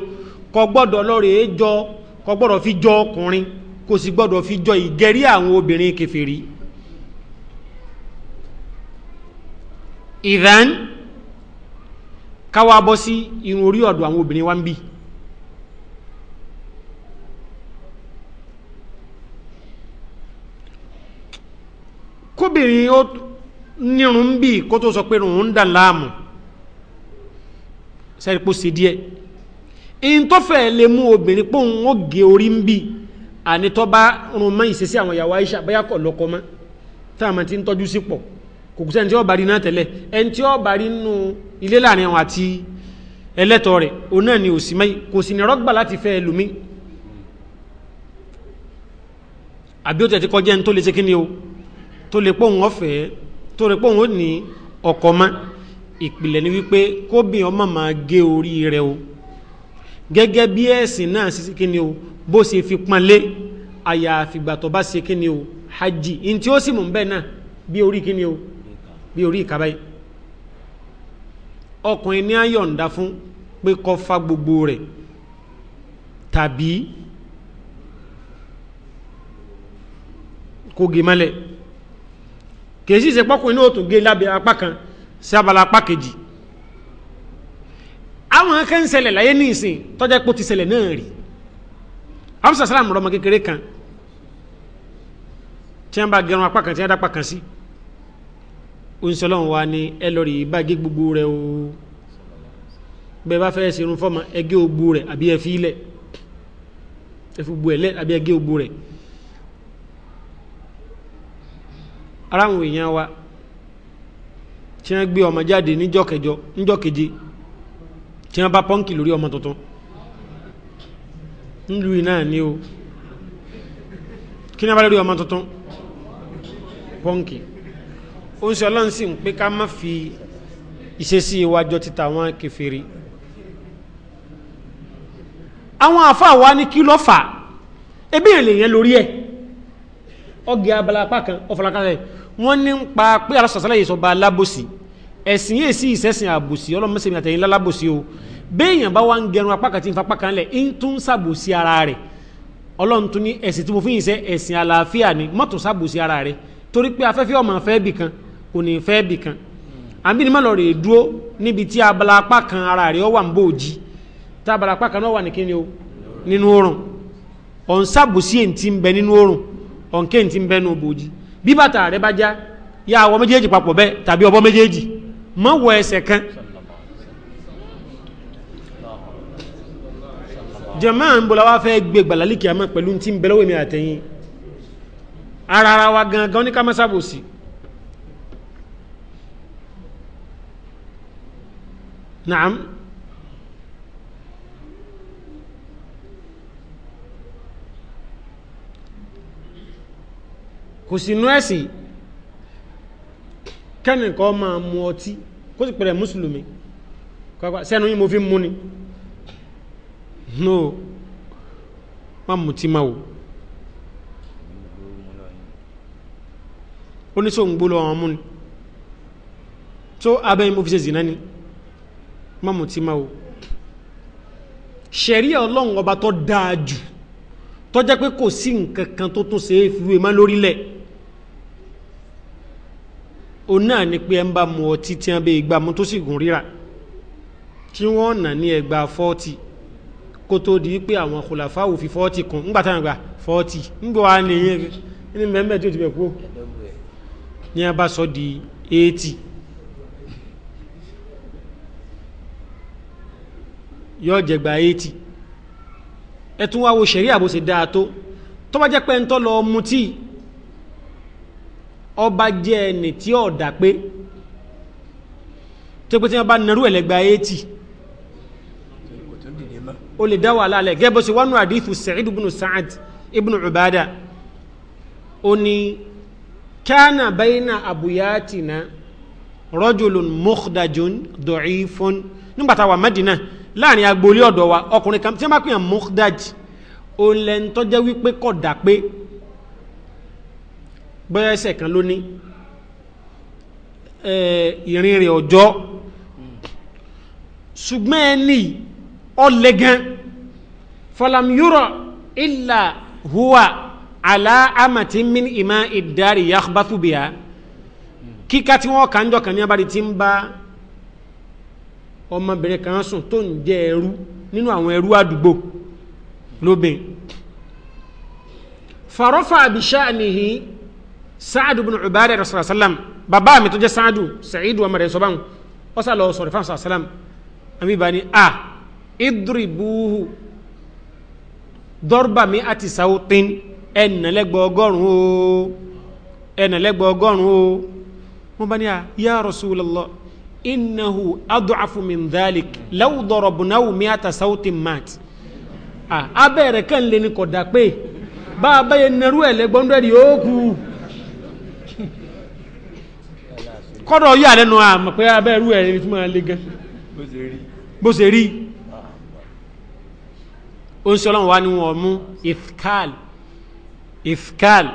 kò gbọ́dọ̀ lọ rèé jọ kò gbọ́dọ̀ fi jọ ọkùnrin kò sì gbọ́dọ̀ fi jọ ìgẹ̀rí àwọn obìnrin kèfèrí ìdán káwa bọ́ sí irun orí ọ̀dọ̀ àwọn obìnrin wa ń bí kóbìnrin ó nírun ń bí kó tó sọ pé rùn ń dà láàmù sẹ́rí pò sí díẹ̀ in tó fẹ́ lè mú obìnrin pò ó gé orí ń bí ànitọ́ bá rùn mọ́ ìṣesí àwọn ìyàwó Aisha báyà lọ́kọ́ mọ́ táwọn ti ń tọ́jú sí pọ̀ kòkù sẹ́ni tí ó bari náà tẹ́lẹ̀ ẹni tí ó bari nínú ilé láàrin àwọn àti ẹlẹ́tọ̀ rẹ̀ òun náà ni òsì mẹ́yì kò sì ní rọ́gbà láti fẹ́ ẹlòmí àbí ó tẹ̀ ti kọjá ẹni tó lè ṣe kí ni o tó lè pòun ọ̀fẹ́ tó lè pòun ó ní ọkọ̀ mọ́ ìpìlẹ̀ ni wípé kóbìn ọmọ máa gé orí rẹ̀ o gẹ́gẹ́ bí ẹ̀sìn náà sí kí ni o bó ṣe fi pọ́nlé àyàfìgbà tó bá ṣe kí ni o hajj ní ó sì mú bẹ́ẹ̀ náà bí orí kí ni o bí orí ìka báyìí ọkùnrin ní àyọ̀ǹda fún pé kó fá gbogbo rẹ̀ tàbí kó gé mọ́lẹ̀ kìí sì ṣe pọ́kùnrin náà tún gé lábẹ́ apá kan sí abala apá kejì àwọn kan ń ṣẹlẹ̀ láyé ní ìsìn tọ́jà pé ó ti ṣẹlẹ̀ náà rí abúṣà sálàmù rọmọ kékeré kan tí wọ́n bá gẹrun apá kan tí wọ́n dá apá kan sí. Si oníṣọlọ́run wa ni ẹ lọ rí báàgì gbogbo rẹ o bẹ́ẹ̀ bá fẹ́ ṣerun fọ́mọ ẹgẹ́ ògbó rẹ àbí ẹ fi ilẹ̀ ẹ fi gbogbo ẹ àbí ẹgẹ́ ògbó rẹ ara èèyàn wa tí wọ́n gbé ọmọ jáde níjọ́ kẹjọ tí wọ́n bá pọ́ǹkì lórí ọmọ tuntun nílùú iná ni o kí ni wọ́n bá lórí ọmọ tuntun pọ́ǹkì ó ń sọ ọlọ́run sì ń pé ká má fi ìṣesí iwájọ títa wọn kèfèrí àwọn àfáà wa ní kí ló fà ebi èlè yẹn lórí ẹ ọgẹ abala apá kan ọfọlákan rẹ wọn ní ń pa pé alásàsálà yìí sọba alábòsí ẹsìn yìí sí ìṣẹsìn àbòsí ọlọmọsẹmi àtẹyìn lálábòsí o béèyàn bá wà ń gẹrun apá kan tí ń fa apá kan lẹ ń tún ṣàbòsí ara rẹ ọlọ́run tún ní ẹ̀sìn tí mo fi yìn sẹ́ ẹ̀sìn àlàáfíà ni mọ́tò ṣàbòsí ara rẹ torí pé afẹ́fẹ́ ọmọ afẹ́ bì kò ní fẹ́ bì kan àbí ni má lọ dúró níbi tí kan ara rẹ̀ ọ wà ń bòòjì tá abala apá kan náà wà ní o nínú oorun ọ̀n sábòsí èyí tí ń bẹ nínú oorun ọ̀n kéyìn tí ń bẹ nínú bòòjì bí bàtà rẹ̀ bá já yá awọ méjèèjì papọ̀ bẹ́ẹ̀ tàbí kan jẹ̀mọ́ à ń bọ̀lá wá fẹ́ gbé gbàlálìkì àmọ́ pẹ̀lú tí ń bẹ lọ́wọ́ àtẹ̀yìn ara نعم kò sí inú ẹ̀sìn kẹ́nìkan máa mu ọtí kó sì pẹ̀lẹ̀ mùsùlùmí sẹ́nu yìí mo fi mú ni no má mú tí máa wò oníṣòǹgbó lọ́wọ́ mú ni tó abẹ́yìn mo fi ṣe zìnà ni má mutí má o ṣẹ̀rí ọlọ́run ọba tó dáa jù tó jẹ́ pé kò sí nǹkan kan tó tún ṣe é fi wé má lórílẹ̀ òun náà ni pé ẹ ń bá mu ọtí tí wọn bẹ igba mu tó sì gùn ríra tí wọn nà ní ẹgbàá fọ́ọ̀tì kó tó di pé àwọn kòlàfà wò fọ́ọ̀tì kún ńgbà táwọn gba fọ́ọ̀tì ńgbà wà nìyẹn ní mẹ́mẹ́ tí o ti bẹ̀ kú ní a bá sọ di eighty. yóò jẹ gba eighty ẹ tún wá wo sẹ̀rí àbòsí dáa tó tó bá jẹ́ pé ń tọ́ lọ mutí ọba jẹ́ ẹni tí ọ̀dà pé tó pé tí wọ́n bá narú ẹ̀ lẹ́gba eighty o lè dá wàhálà lẹ̀ gẹ́gẹ́ bó ṣe wánú àdìsù Sa'id ibn Sa'ad ibn Ubada ó ní kana bayna abuyatina rajulun mukhdajun da'ifun nígbà tá a wà Madina láàrin agboolé ọ̀dọ̀ wa ọkùnrin kan tí wọ́n bá pè é mukdaj òun lẹ́ni tó jẹ́ wípé kódà pé bóyá ẹsẹ̀ kan ló ní ìrìn rẹ̀ ọjọ́ ṣùgbọ́n ẹni ọlẹ́gán fọlámiyúrọ̀ ìlà huwa aláàmàtí min ìmá ìdárì yàgbáfúbìá kíkà tí wọ́n kà ń jọ kàn ní abárí tí ń bá ọmọbìnrin kan sùn tó ń jẹ ẹrú nínú àwọn ẹrú àdúgbò lóbìn farofa abisha nihi saadu bin ubada rasulillah salam bàbá mi tó jẹ saadu sa'idu amara ẹ sọbáwọn ó sà lọ sọ̀rọ̀ fáwọn salam àmì ìbá a idribuhu dọrba mi àti sautin ẹnìlẹgbẹ ọgọ́rùn o ẹnìlẹgbẹ ọgọ́rùn o wọn bá a ah, ya rasulallah innahu adu'afu min dhalik law dorobunahu miata sauti mat ah abẹ́rẹ́ kan lè ní kọ̀dà pé bá a báyẹ nẹrú ẹ̀ lẹ́gbọ́ndọ́ rí ó kú kọ́dọ̀ yà lẹ́nu àmà pé abẹ́rú ẹ̀ rí túnmọ̀ lé gan bó ṣe rí ó ń sọ lọ́wọ́ wá ní wọn mú ifkal ifkal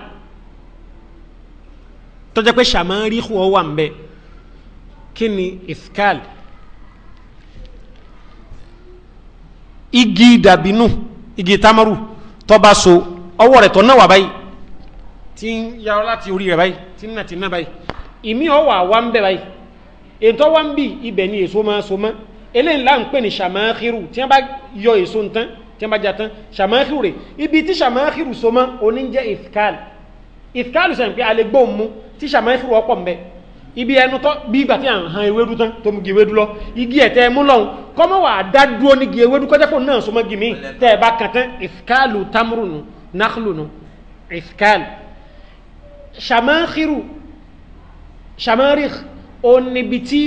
tọ́jọ́ pé ṣàmán rí wọ́n wà ń bẹ́ẹ̀ kí ni igi dàbínú igi tamaru tọba so ọwọ́ rẹ̀ tọ́ náà wà báyìí tí ń yàrá láti orí rẹ̀ báyìí tí ń nà tí ń báyìí ìmí ọwọ́ àwa ń bẹ̀ báyìí ètò wa ń bì ibẹ̀ ni èso máa so mọ́ eléyìí là ń pè ní sàmáhírù tí wọ́n bá yọ èso ń tán tí wọ́n bá jà tán sàmáhírù rẹ̀ ibi tí sàmáhírù so mọ́ oníjẹ́ iskal iskal sọ̀rọ̀ pé alẹ́ mu tí sàmáhírù ọ̀pọ̀ ń bẹ́ẹ̀ ibi ẹnu tọ́ bí ìgbà tí à ń han ewédú tán tó mú gi ewédú lọ igi ẹ̀tẹ́ mú lọ́hùn kọ́mọ́ wà á dádúró ní gi ewédú kọjá pò náà súnmọ́ gi míì tẹ́ ẹ bá kàn tán ìfikàlù tamuru nù náxlù nù ìfikàlù ṣàmánxiru ṣàmánrix oníbi tí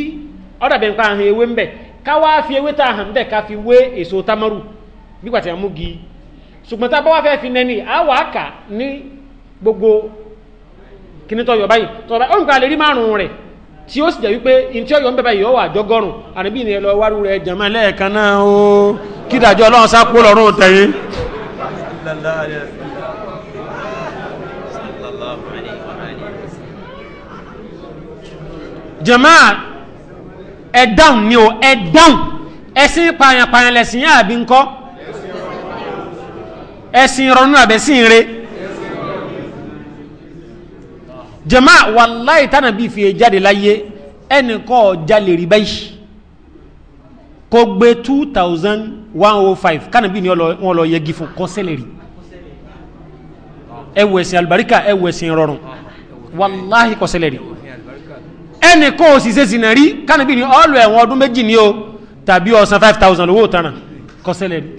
ọ̀dà bẹ̀ ń pa àhàn ewé ń bẹ̀ ká wá fi ewé tá a hàn bẹ̀ ká fi wé èso tamaru bí gbàtí à gi ṣùgbọ́n tá a bá wá fẹ́ fi nẹ́ni àá wàá ní gbogbo kíní tó yọ báyìí tó yọ báyìí ó ń pa àlérí márùn-ún rẹ̀ tí ó sì jẹ́ wípé ntí ọ̀yọ́ ń bẹ̀ yọ wà jọgọ́rùn àníbí ni ẹ wárú rẹ jẹ̀mọ́ lẹ́ẹ̀kan náà ó kí dàjọ́ ọlọ́run sá kó lọ́rùn ẹ dáhùn ni o ẹ dáhùn ẹ̀sìn pààyàn pààyàn yẹn àbí ńkọ́ ẹ̀sìn ìrọ̀rùn àbẹ̀sìn rẹ̀. jama wàláì tánà bí fi jáde láyé ẹnìkọ́ jalè rí báyìí kò gbé two thousand one oh five kánà bí ni wọ́n lọ yẹgi fún kọ́sẹ́lẹ̀ rí ẹwù ẹ̀sìn àlùbáríkà ẹwù ẹ̀sìn rọrùn wàláì kọ́sẹ́lẹ̀ rí ẹnìkọ́ òsìsẹ́ sínà rí kánà bí ni ọlù ẹ̀wọ̀n ni o tàbí ọ̀sán five thousand owó tánà kọ́sẹ́lẹ̀ rí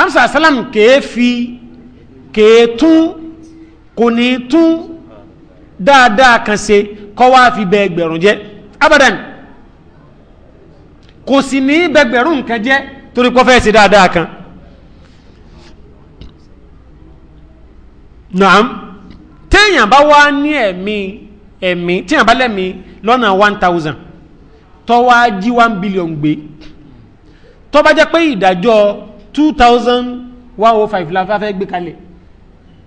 amsa salam kèé fi kèé tún kò ní tún dáadáa kan ṣe kọ́ wá fi bẹ ẹgbẹ̀rún jẹ́ abadan kò sì ní bẹgbẹ̀rún nǹkan jẹ́ torí kọ́ fẹ́ ṣe dáadáa kan naam téèyàn bá wá ní ẹ̀mí ẹ̀mí téèyàn bá lẹ́mí lọ́nà one thousand tọ́wá one billion gbé tọ́ bá jẹ́ pé ìdájọ́ two thousand one oh five la fẹ́ gbé kalẹ̀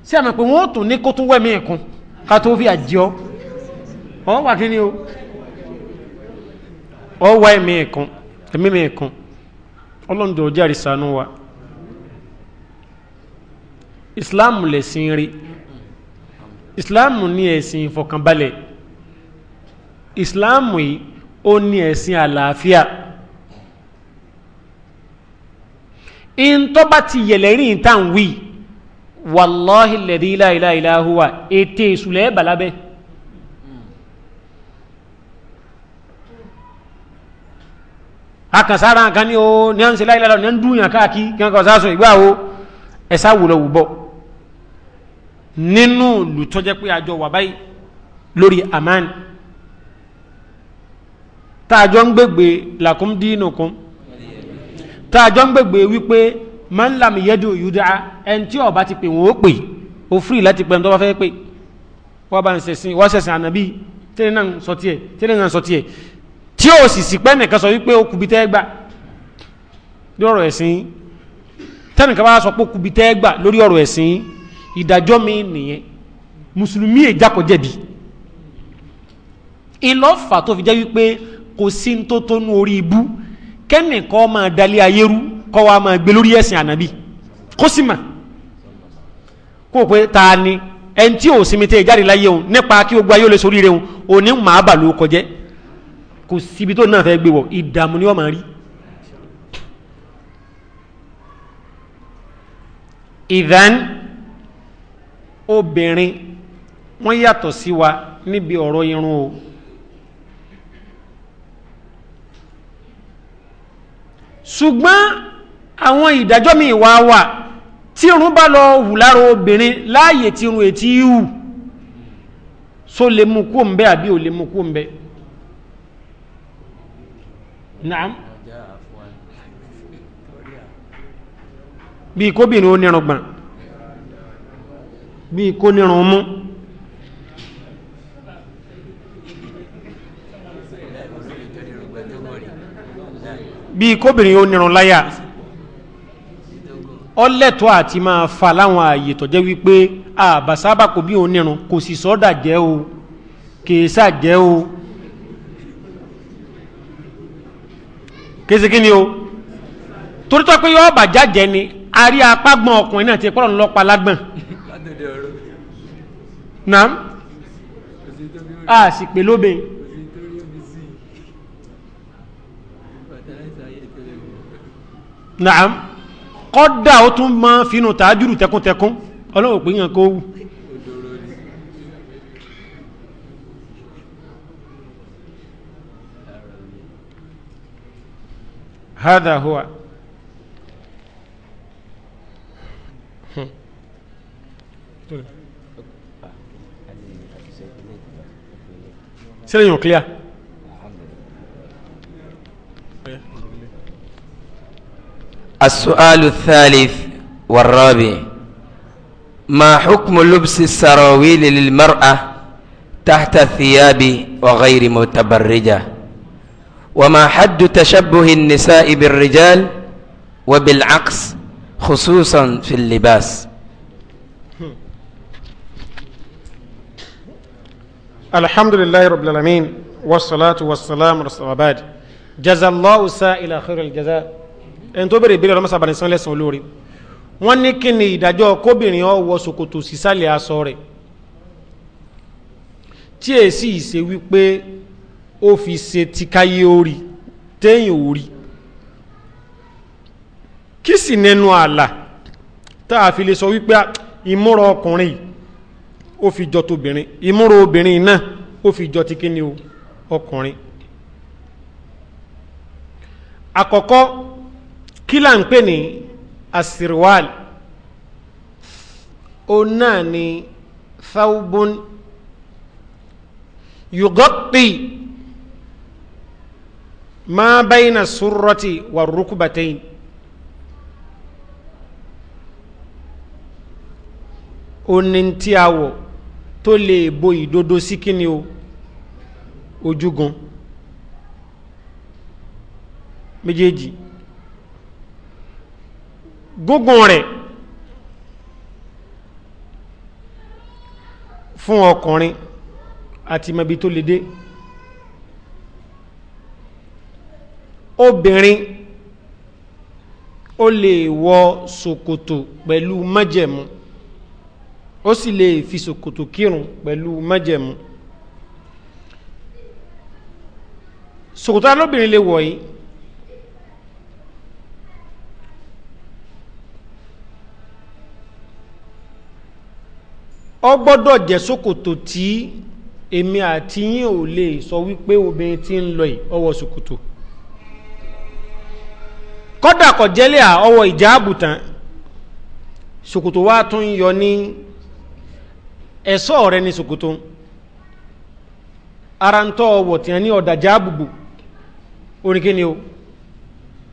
sí àmọ́ pé wọ́n tún ní kó tún wẹ̀mí ẹ̀kún ká tó fi àjọ ọ wà kí ni o ọ wá ẹ̀mí ẹ̀kún ẹ̀mí mi ẹ̀kún ọlọ́ndọ̀ ọjà àrísànú wa Islam lẹ̀sìn rí Islam ní ẹ̀sìn ìfọ̀kànbalẹ̀ Islam yìí ó ní ẹ̀sìn àlàáfíà. ntọ́ba ti yẹlẹ́rìn tá à ń wí wàláhi lẹ́dí iláìláìláhùwà ètè ìsùlẹ̀ balábẹ́. akansara kan ni o ni an se láìláìlá ni an dúnyàn káàkiri kí wọn kọ sáà sọ ìgbà wo ẹ̀sà wùlọ̀ wùbọ̀ nínú lùtọ́jẹ́ pé àjọ wà báyìí lórí amán tá a ń gbégbé làkúndínú tààjọ́ ń gbègbè wípé máa ń làmì yẹ́dù yúdá ẹni tí ọba ti pè wọ́n ó pè ó fúrì láti pẹ́ ń tọ́ba fẹ́ pè wọ́n bá ń sẹ̀sìn wọ́n sẹ̀sìn ànàbí tẹ́lẹ̀ náà ń sọ tiẹ̀ tẹ́lẹ̀ náà ń sọ tiẹ̀ tí ó sì sì pẹ́ nìkan sọ wípé ó kubi tẹ́gbà lórí ọ̀rọ̀ ẹ̀sìn tẹ́nìkan bá sọ pé ó kubi tẹ́gbà lórí ọ̀rọ̀ ẹ̀sìn ìdájọ́ mi nìyẹn mùsùlùmí èjàkọ̀ jẹ̀bi ìlọ́fà tó fi jẹ́ wípé kò sí ní tó tónú orí ibú kẹ́nì kọ́ máa dalẹ̀ ayérú kọ́ wa máa gbé lórí ẹ̀sìn ànábì kó sì mà kó o pé ta ni ẹni tí ò sinmi tẹ jáde láyé òun nípa kí gbogbo ayé ò lè sórí rẹ òun òní màá bà ló kọjẹ́ kò síbi tó náà fẹ́ gbé wọ̀ ìdààmú ni wọ́n máa rí. ìdán obìnrin wọ́n yàtọ̀ sí wa níbi ọ̀rọ̀ irun o. ṣùgbọ́n àwọn ìdájọ́ mi wá wà tí irun bá lọ wù lára obìnrin láàyè tí irun ètí hù so lè mú kó ń bẹ́ àbí ò lè mú kó ń bẹ́ naam bí kóbìnrin ó nírùngbọ̀n bí kó nírùn mú bíi kóbìnrin ó nírun láyà ọlẹ́tọ̀ àti máa fa láwọn ààyè tọ́jẹ́ wípé àbàsábà kò bí òun nírun kò sì sọ́dà jẹ́ o kèésà jẹ́ o kése kí ni o torítọ́ pé yọ́ bà jájẹ́ ni a rí apágbọ́n ọkùnrin náà ti pọ́lọ̀ ńlọ́pa lágbọ̀n nam a sì pè lóbìn naam kọ́dà ó tún máa finú tàájúrù tẹkúntẹkún ọlọ́wọ́ pé yàn kó wù هذا هو سليم clear السؤال الثالث والرابع ما حكم لبس السراويل للمرأة تحت الثياب وغير متبرجة وما حد تشبه النساء بالرجال وبالعكس خصوصا في اللباس الحمد لله رب العالمين والصلاة والسلام رسول الله جزا الله سائل خير الجزاء ẹni tó bèrè ìbéèrè ọlọ́mọsá balẹ̀ sàn lẹ́sàn olóore wọ́n ní kí ni ìdájọ́ kóbìnrin ó wọ ṣòkòtò sísàlẹ̀ aṣọ rẹ̀ tí èsì ìṣe wípé ó fi ṣe tìkáyé orí téèyàn orí kí sì nẹnu àlà tá a fi lè sọ wípé ah, ìmúra ọkùnrin ó fi jọ tóbìnrin ìmúra obìnrin náà ó fi jọ ti kíni o ọkùnrin àkọ́kọ́ kí là ń pè ní asirwal òun náà ni thawbun yugọ́pì máa báyìí na surrati wà rúkúbàtẹ́yìn òní tó lè bo ìdodo sí kíni o ojúgun méjèèjì gúngùn rẹ̀ fún ọkùnrin àti mẹ́bí tó lè dé obìnrin ó lè wọ ṣòkòtò pẹ̀lú májẹ̀mú ó sì lè fi ṣòkòtò kírun pẹ̀lú májẹ̀mú ṣòkòtò alóbìnrin lè wọ̀ ọ gbọ́dọ̀ jẹ́ ṣòkòtò tí èmi àti yín ò lè sọ wípé obìnrin tí ń lọ yìí ọwọ́ ṣòkòtò kọ́dà kọ̀jẹ́lẹ̀ à ọwọ́ ìjáàbùtàn ṣòkòtò wá tún yọ ní ẹ̀ṣọ́ rẹ̀ ní ṣòkòtò ara ń tọ́ ọwọ̀ tí a ní ọ̀dàjáàbùbù orin kí ni o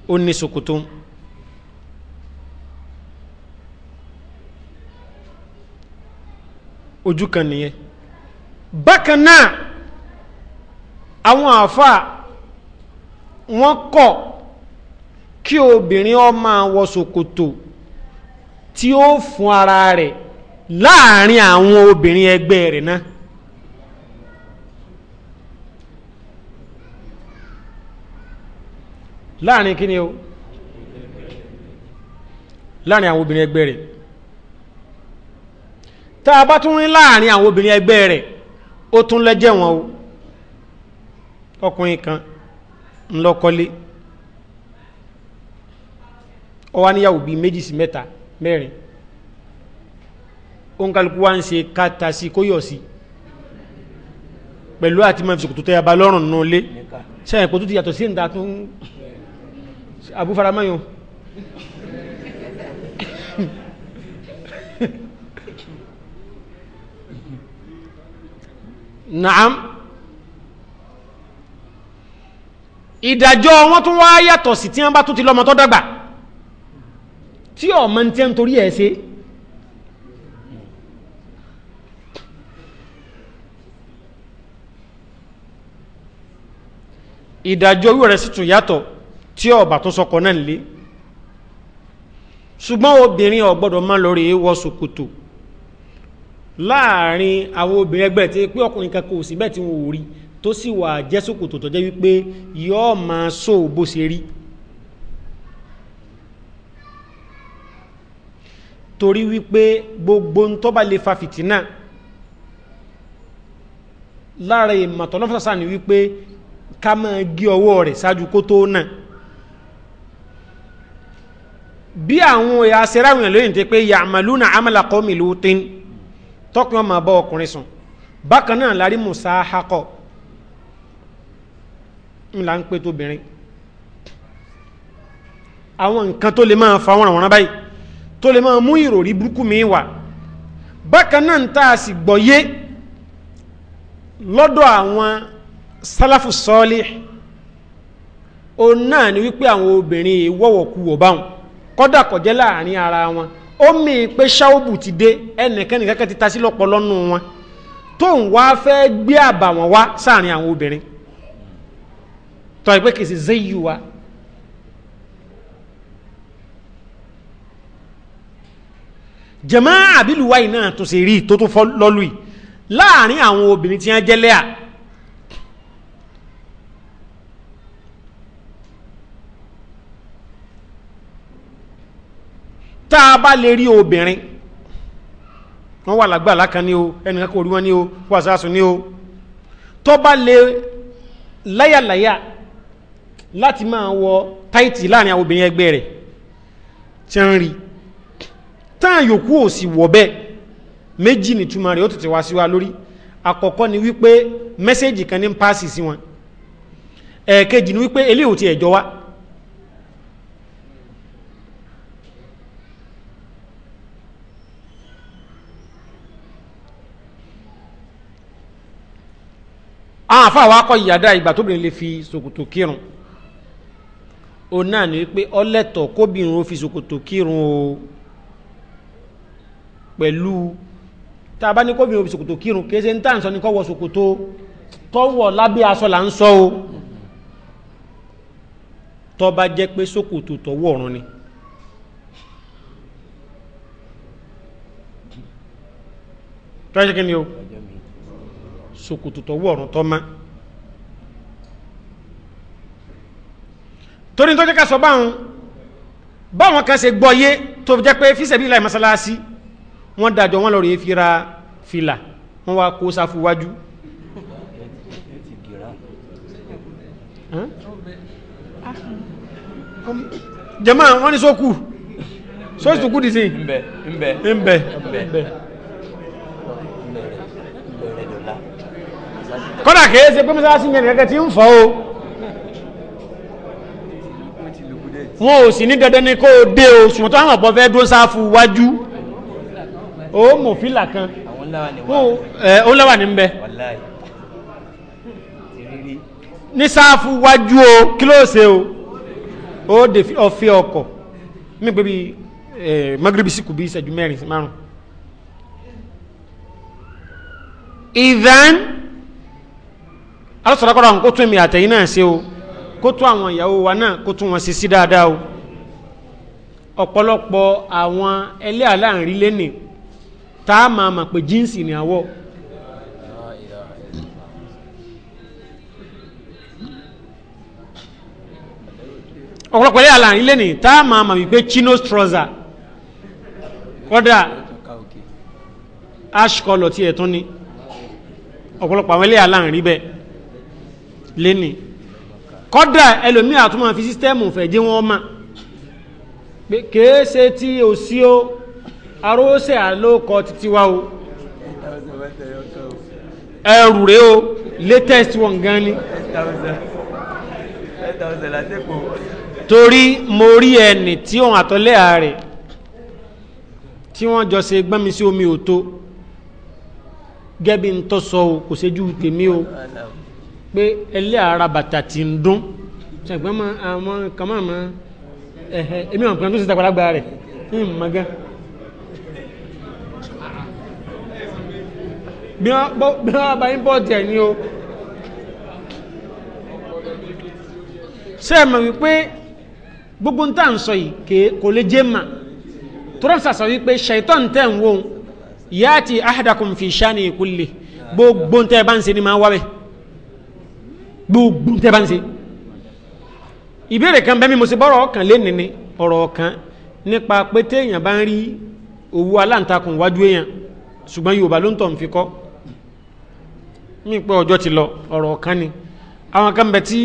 ó ní ṣòkòtò ojú kan nìyẹn bákan náà àwọn àáfàá wọ́n kọ̀ kí obìnrin ó máa wọ ṣòkòtò tí ó fún ara rẹ̀ láàrin àwọn obìnrin ẹgbẹ́ rẹ̀ náà láàrin kí ni o láàrin àwọn obìnrin ẹgbẹ́ rẹ̀ tá a bá tún rí láàrin àwọn obìnrin ẹgbẹ́ rẹ̀ ó tún lẹ́jẹ̀ wọn o ọkùnrin kan ńlọkọlé ó wá níyàwó bíi méjì sí mẹ́ta mẹ́rin ó ń kálukú wá ń ṣe káta sí kóyọ̀ sí pẹ̀lú àti máa fi sòkòtò tẹ́ yaba lọ́rùn nínú ilé sẹ́yìn kò tún ti yàtọ̀ sí ìta tún abúfaramáyọ̀ naam ìdájọ́ wọn tún wá yàtọ̀ sí tí wọ́n bá tún ti lọ́mọ tó dàgbà tí ọmọ tí ń torí ẹ̀ ṣe ìdájọ́ orí rẹ̀ sì tún yàtọ̀ tí ọba tún sọkọ náà lé ṣùgbọ́n obìnrin ò gbọ́dọ̀ má lọ rèé wọ ṣòkòtò láàrin àwọn obìnrin ẹgbẹ́ tí pé ọkùnrin kan kò sí bẹ́ẹ̀ tí wọ́n ò rí tó sì wà jẹ́sòkòtò tó jẹ́ wípé yóò máa sọ bó ṣe rí torí wípé gbogbo ń tó bá lè fa fìtínà lára ìmọ̀tọ̀ náà fọ́sàsà ni wípé ká máa gé ọwọ́ rẹ̀ ṣáájú kó tó náà bí àwọn aṣẹ́ráwìn lóyìn tẹ́ pé ya'maluna amala qawmi lutin tọ́kùn ọmọ bọ ọkùnrin sùn bákan náà musa akọ ńlá ń pé tóbìnrin àwọn nǹkan tó lè máa fa wọn àwọn báyìí tó lè máa mú ìròrí burúkú mi wà bákan náà ń tá a gbọ́yé lọ́dọ̀ àwọn sálàfù sọ́ọ́lì o náà ni wípé àwọn obìnrin ara wọn ó mì í pé ṣáòbù ti dé ẹnìkan nìkan ti ta sí lọ́pọ̀ lọ́nù wọn tóun wá fẹ́ gbé àbàwọ́n wá sáàrin àwọn obìnrin tọ́ ìpé kìí sí zayu wa jẹ̀mọ́ àbílùwá yìí náà tó sì rí tó tó fọ́ lọ́lù yìí láàrin àwọn obìnrin tí wọ́n jẹ́ lẹ́à tá bá lè rí obìnrin wọ́n wà lágbàlá kan ní o ẹnìkan kò rí wọn ní o wàsásù ní o tó bá lè láyàláyà láti máa wọ táìtì láàrin àwọn obìnrin ẹgbẹ́ rẹ̀ tí ń rí táà yòókù ò sì méjì rẹ̀ ó tètè wa lórí àkọ́kọ́ ni wípé mẹ́sẹ́jì kan ní ń si sí wọn ẹ̀ẹ̀kejì ni wípé eléyìí ti ẹ̀jọ́ wa àáfà wa kọ ìyàdá ìgbà tóbìnrin lè fi ṣòkòtò kírun òun náà ni pé ọlẹ́tọ̀ kóbìnrin ó fi ṣòkòtò kírun o pẹ̀lú tá a bá ní kóbìnrin ó fi ṣòkòtò kírun kì ṣe ń tà sọ ní kọ́ wọ ṣòkòtò lábẹ́ aṣọ là ń sọ o tọ́ bá jẹ́ pé ṣòkòtò tọ́wọ́ ọ̀run ni. tọ́jú kí ni o ṣòkòtò tó wọ̀rùn tó má torí tó jẹ́ ká sọ báwọn báwọn kan ṣe gbọ́yé tó jẹ́ pé fíṣẹ̀bí láì masalasi wọ́n dájọ́ wọ́n lọ rí fi ra fìlà wọ́n wá kó sáfù wájú jẹ́mọ́ wọ́n ní sókù sókù dìsín ń bẹ ń bẹ ń bẹ kọ́dà kìí ṣe pé mọ́sálásí yẹn gẹ́gẹ́ tí ń fọ́ o wọn ò sì ní dandan ni kó o dé o ṣùgbọ́n tó àwọn ọ̀pọ̀ fẹ́ dúró sáfù wájú o mọ̀ fìlà kan ó lẹ́wà ní bẹ́ ní sáfù wájú o kí ló ṣe o ó dé ọ̀fẹ́ ọkọ̀ mi pé bíi magrebi sí kù bí ìṣẹ́jú mẹ́rin márùn-ún alásọ̀rọ̀kọ́ra kó tún mi àtẹ̀yìn náà ṣe o kó tún àwọn ìyàwó wa náà kó tún wọn ṣe sí dáadáa o ọ̀pọ̀lọpọ̀ àwọn ẹlẹ́ aláàrin lẹ́nì tá a máa mọ̀ pé jíǹsì ni àwọ̀ ọ̀pọ̀lọpọ̀ ẹlẹ́ aláàrin lẹ́nì tá a máa mọ̀ wípé chinos trouser kọ́dà ash color tí ẹ̀ tún ni ọ̀pọ̀lọpọ̀ àwọn ẹlẹ́ aláàrin bẹ́ẹ̀ lẹ́ni kọ́dà ẹlòmí àtúmọ̀ fi sístẹ́mù fẹ̀ jí wọ́n ma kèése tí o sí o arósẹ̀ àlókọ títí wá o ẹrù rẹ o latest one gan ni torí mo rí ẹni tí òun àtọ́lẹ́ ààrẹ tí wọ́n jọ ṣe gbọ́nmi sí omi òtó gẹ́bí ń tọ́ sọ o kò séjú tèmi o. Oh, no pé ẹlẹ́ ara bàtà ti ń dún ṣàgbọ́n mọ àwọn kan máa mọ ẹ̀hẹ́ èmi àwọn kan tó ṣe tàgbàlagbà rẹ̀ ní ìmọ̀gán. bí wọ́n bá ímpọ́ọ̀tì ẹ̀ ní o ṣé ẹ mọ̀ wípé gbogbo ń tà ń sọ yìí kò lè jẹ́ mà tọ́lọ́sà sọ wípé ṣàìtọ́n tẹ̀ ń wò yáàtì ahadakum fi shani kulli gbogbo ń tẹ́ bá ń ṣe ni máa wá bẹ́ẹ̀ gbogbo tẹ́ bá ń ṣe ìbéèrè kan bẹ́ẹ̀ mi mo ṣe bọ́rọ̀ ọkàn lénìí ni ọ̀rọ̀ ọ̀kan nípa pé téèyàn bá ń rí owó aláǹtakùn wájú èèyàn ṣùgbọ́n Yorùbá ló ń tọ̀ ń fi kọ́ mí pé ọjọ́ ti lọ ọ̀rọ̀ ọ̀kan ni àwọn kan bẹ tí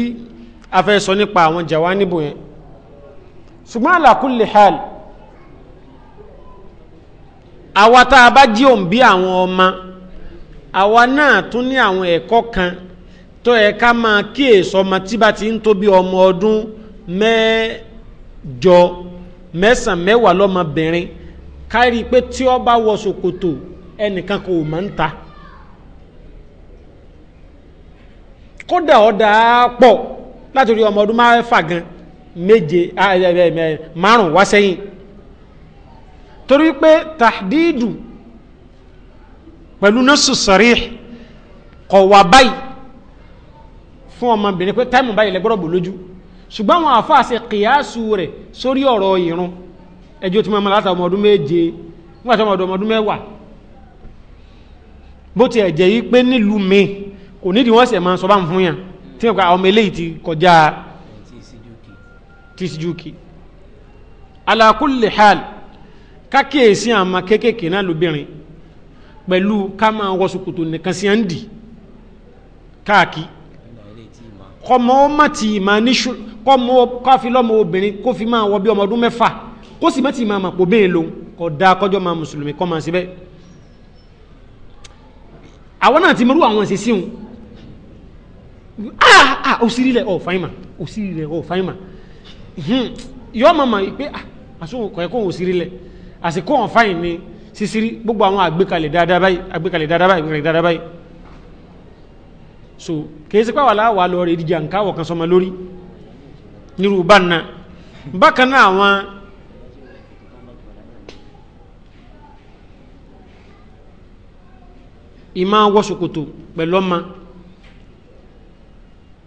a fẹ́ sọ nípa àwọn jàwá níbò yẹn ṣùgbọ́n ala kulli hal àwa tá a bá jí òǹbí àwọn ọmọ àwa náà tún ní àwọn ẹ̀kọ́ kan tó yẹ ká máa kíyèsí ọmọ tí bá ti ń tó bí ọmọ ọdún mẹ́jọ mẹ́sàn-án mẹ́wàá lọ́mọbìnrin kárí pé tí ó bá wọ ṣòkòtò ẹnìkan kò mọ̀ ń ta kódà ọ̀dà pọ̀ láti rí ọmọ ọdún mẹ́fà gan méje márùn wá sẹ́yìn torí pé tàdídù pẹ̀lú nọ́ọ̀sù sọ̀rí kọ̀ wá báyìí fún ọmọbìnrin pé táìmù báyìí lẹ́gbọ́rọ̀ bò lójú ṣùgbọ́n àwọn àfáà ṣe kìyàsù rẹ̀ sórí ọ̀rọ̀ ìrun ẹjọ́ tí mọ́mọ́ látà ọmọ ọdún méje nígbàtí ọmọ ọdún mẹ́wàá bó ti ẹ̀jẹ̀ yí pé nílùú mi kò nídìí wọ́n sì máa sọ bá ń fún yàn tí wọ́n pa ọmọ eléyìí ti kọjá tìsíjúkì ala kulli hal kákíyèsí àmà kéékèèké náà lóbìnrin pẹ̀lú ká máa wọ ṣòkòtò nìkan sí káàkiri kọmọ ọmọ tí ma ní ṣù kọmọ káfí lọmọ obìnrin kó fi máa wọ bí ọmọ ọdún mẹ́fà kó sì mẹ́tì máa màpò bẹ́ẹ̀ lòun kọ da kọjọ́ máa mùsùlùmí kọ́ máa síbẹ̀ àwọn náà ti mọ̀rú àwọn ẹ̀sìn síhun ah ah òsìrí rẹ̀ ọ̀ fáìmà òsìrí rẹ̀ ọ̀ fáìmà yọ́ màmá pé ah, àsùnwòn kọ̀ẹ̀kọ́ òsìrí rẹ̀ àsìkò ọ̀fáìn ni sísírí gbogbo àwọn àgbékalẹ̀ dáadáa báyìí àgbékalẹ̀ dáadáa báyìí àgbékalẹ̀ dáadáa báyìí so kèése pàwà láwà lọ rẹ̀ ìdíjà nǹkan àwọ̀ kan sọmọ lórí nírú bá ń na bákan náà àwọn ìmá wọ́sọ̀kòtò pẹ̀lú ọmọ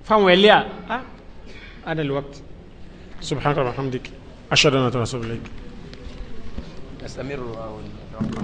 fáwọn ẹlẹ́à á adàlẹ̀ wákìtì subhanaka wa hamdik ashhadu an la ilaha illa wa atubu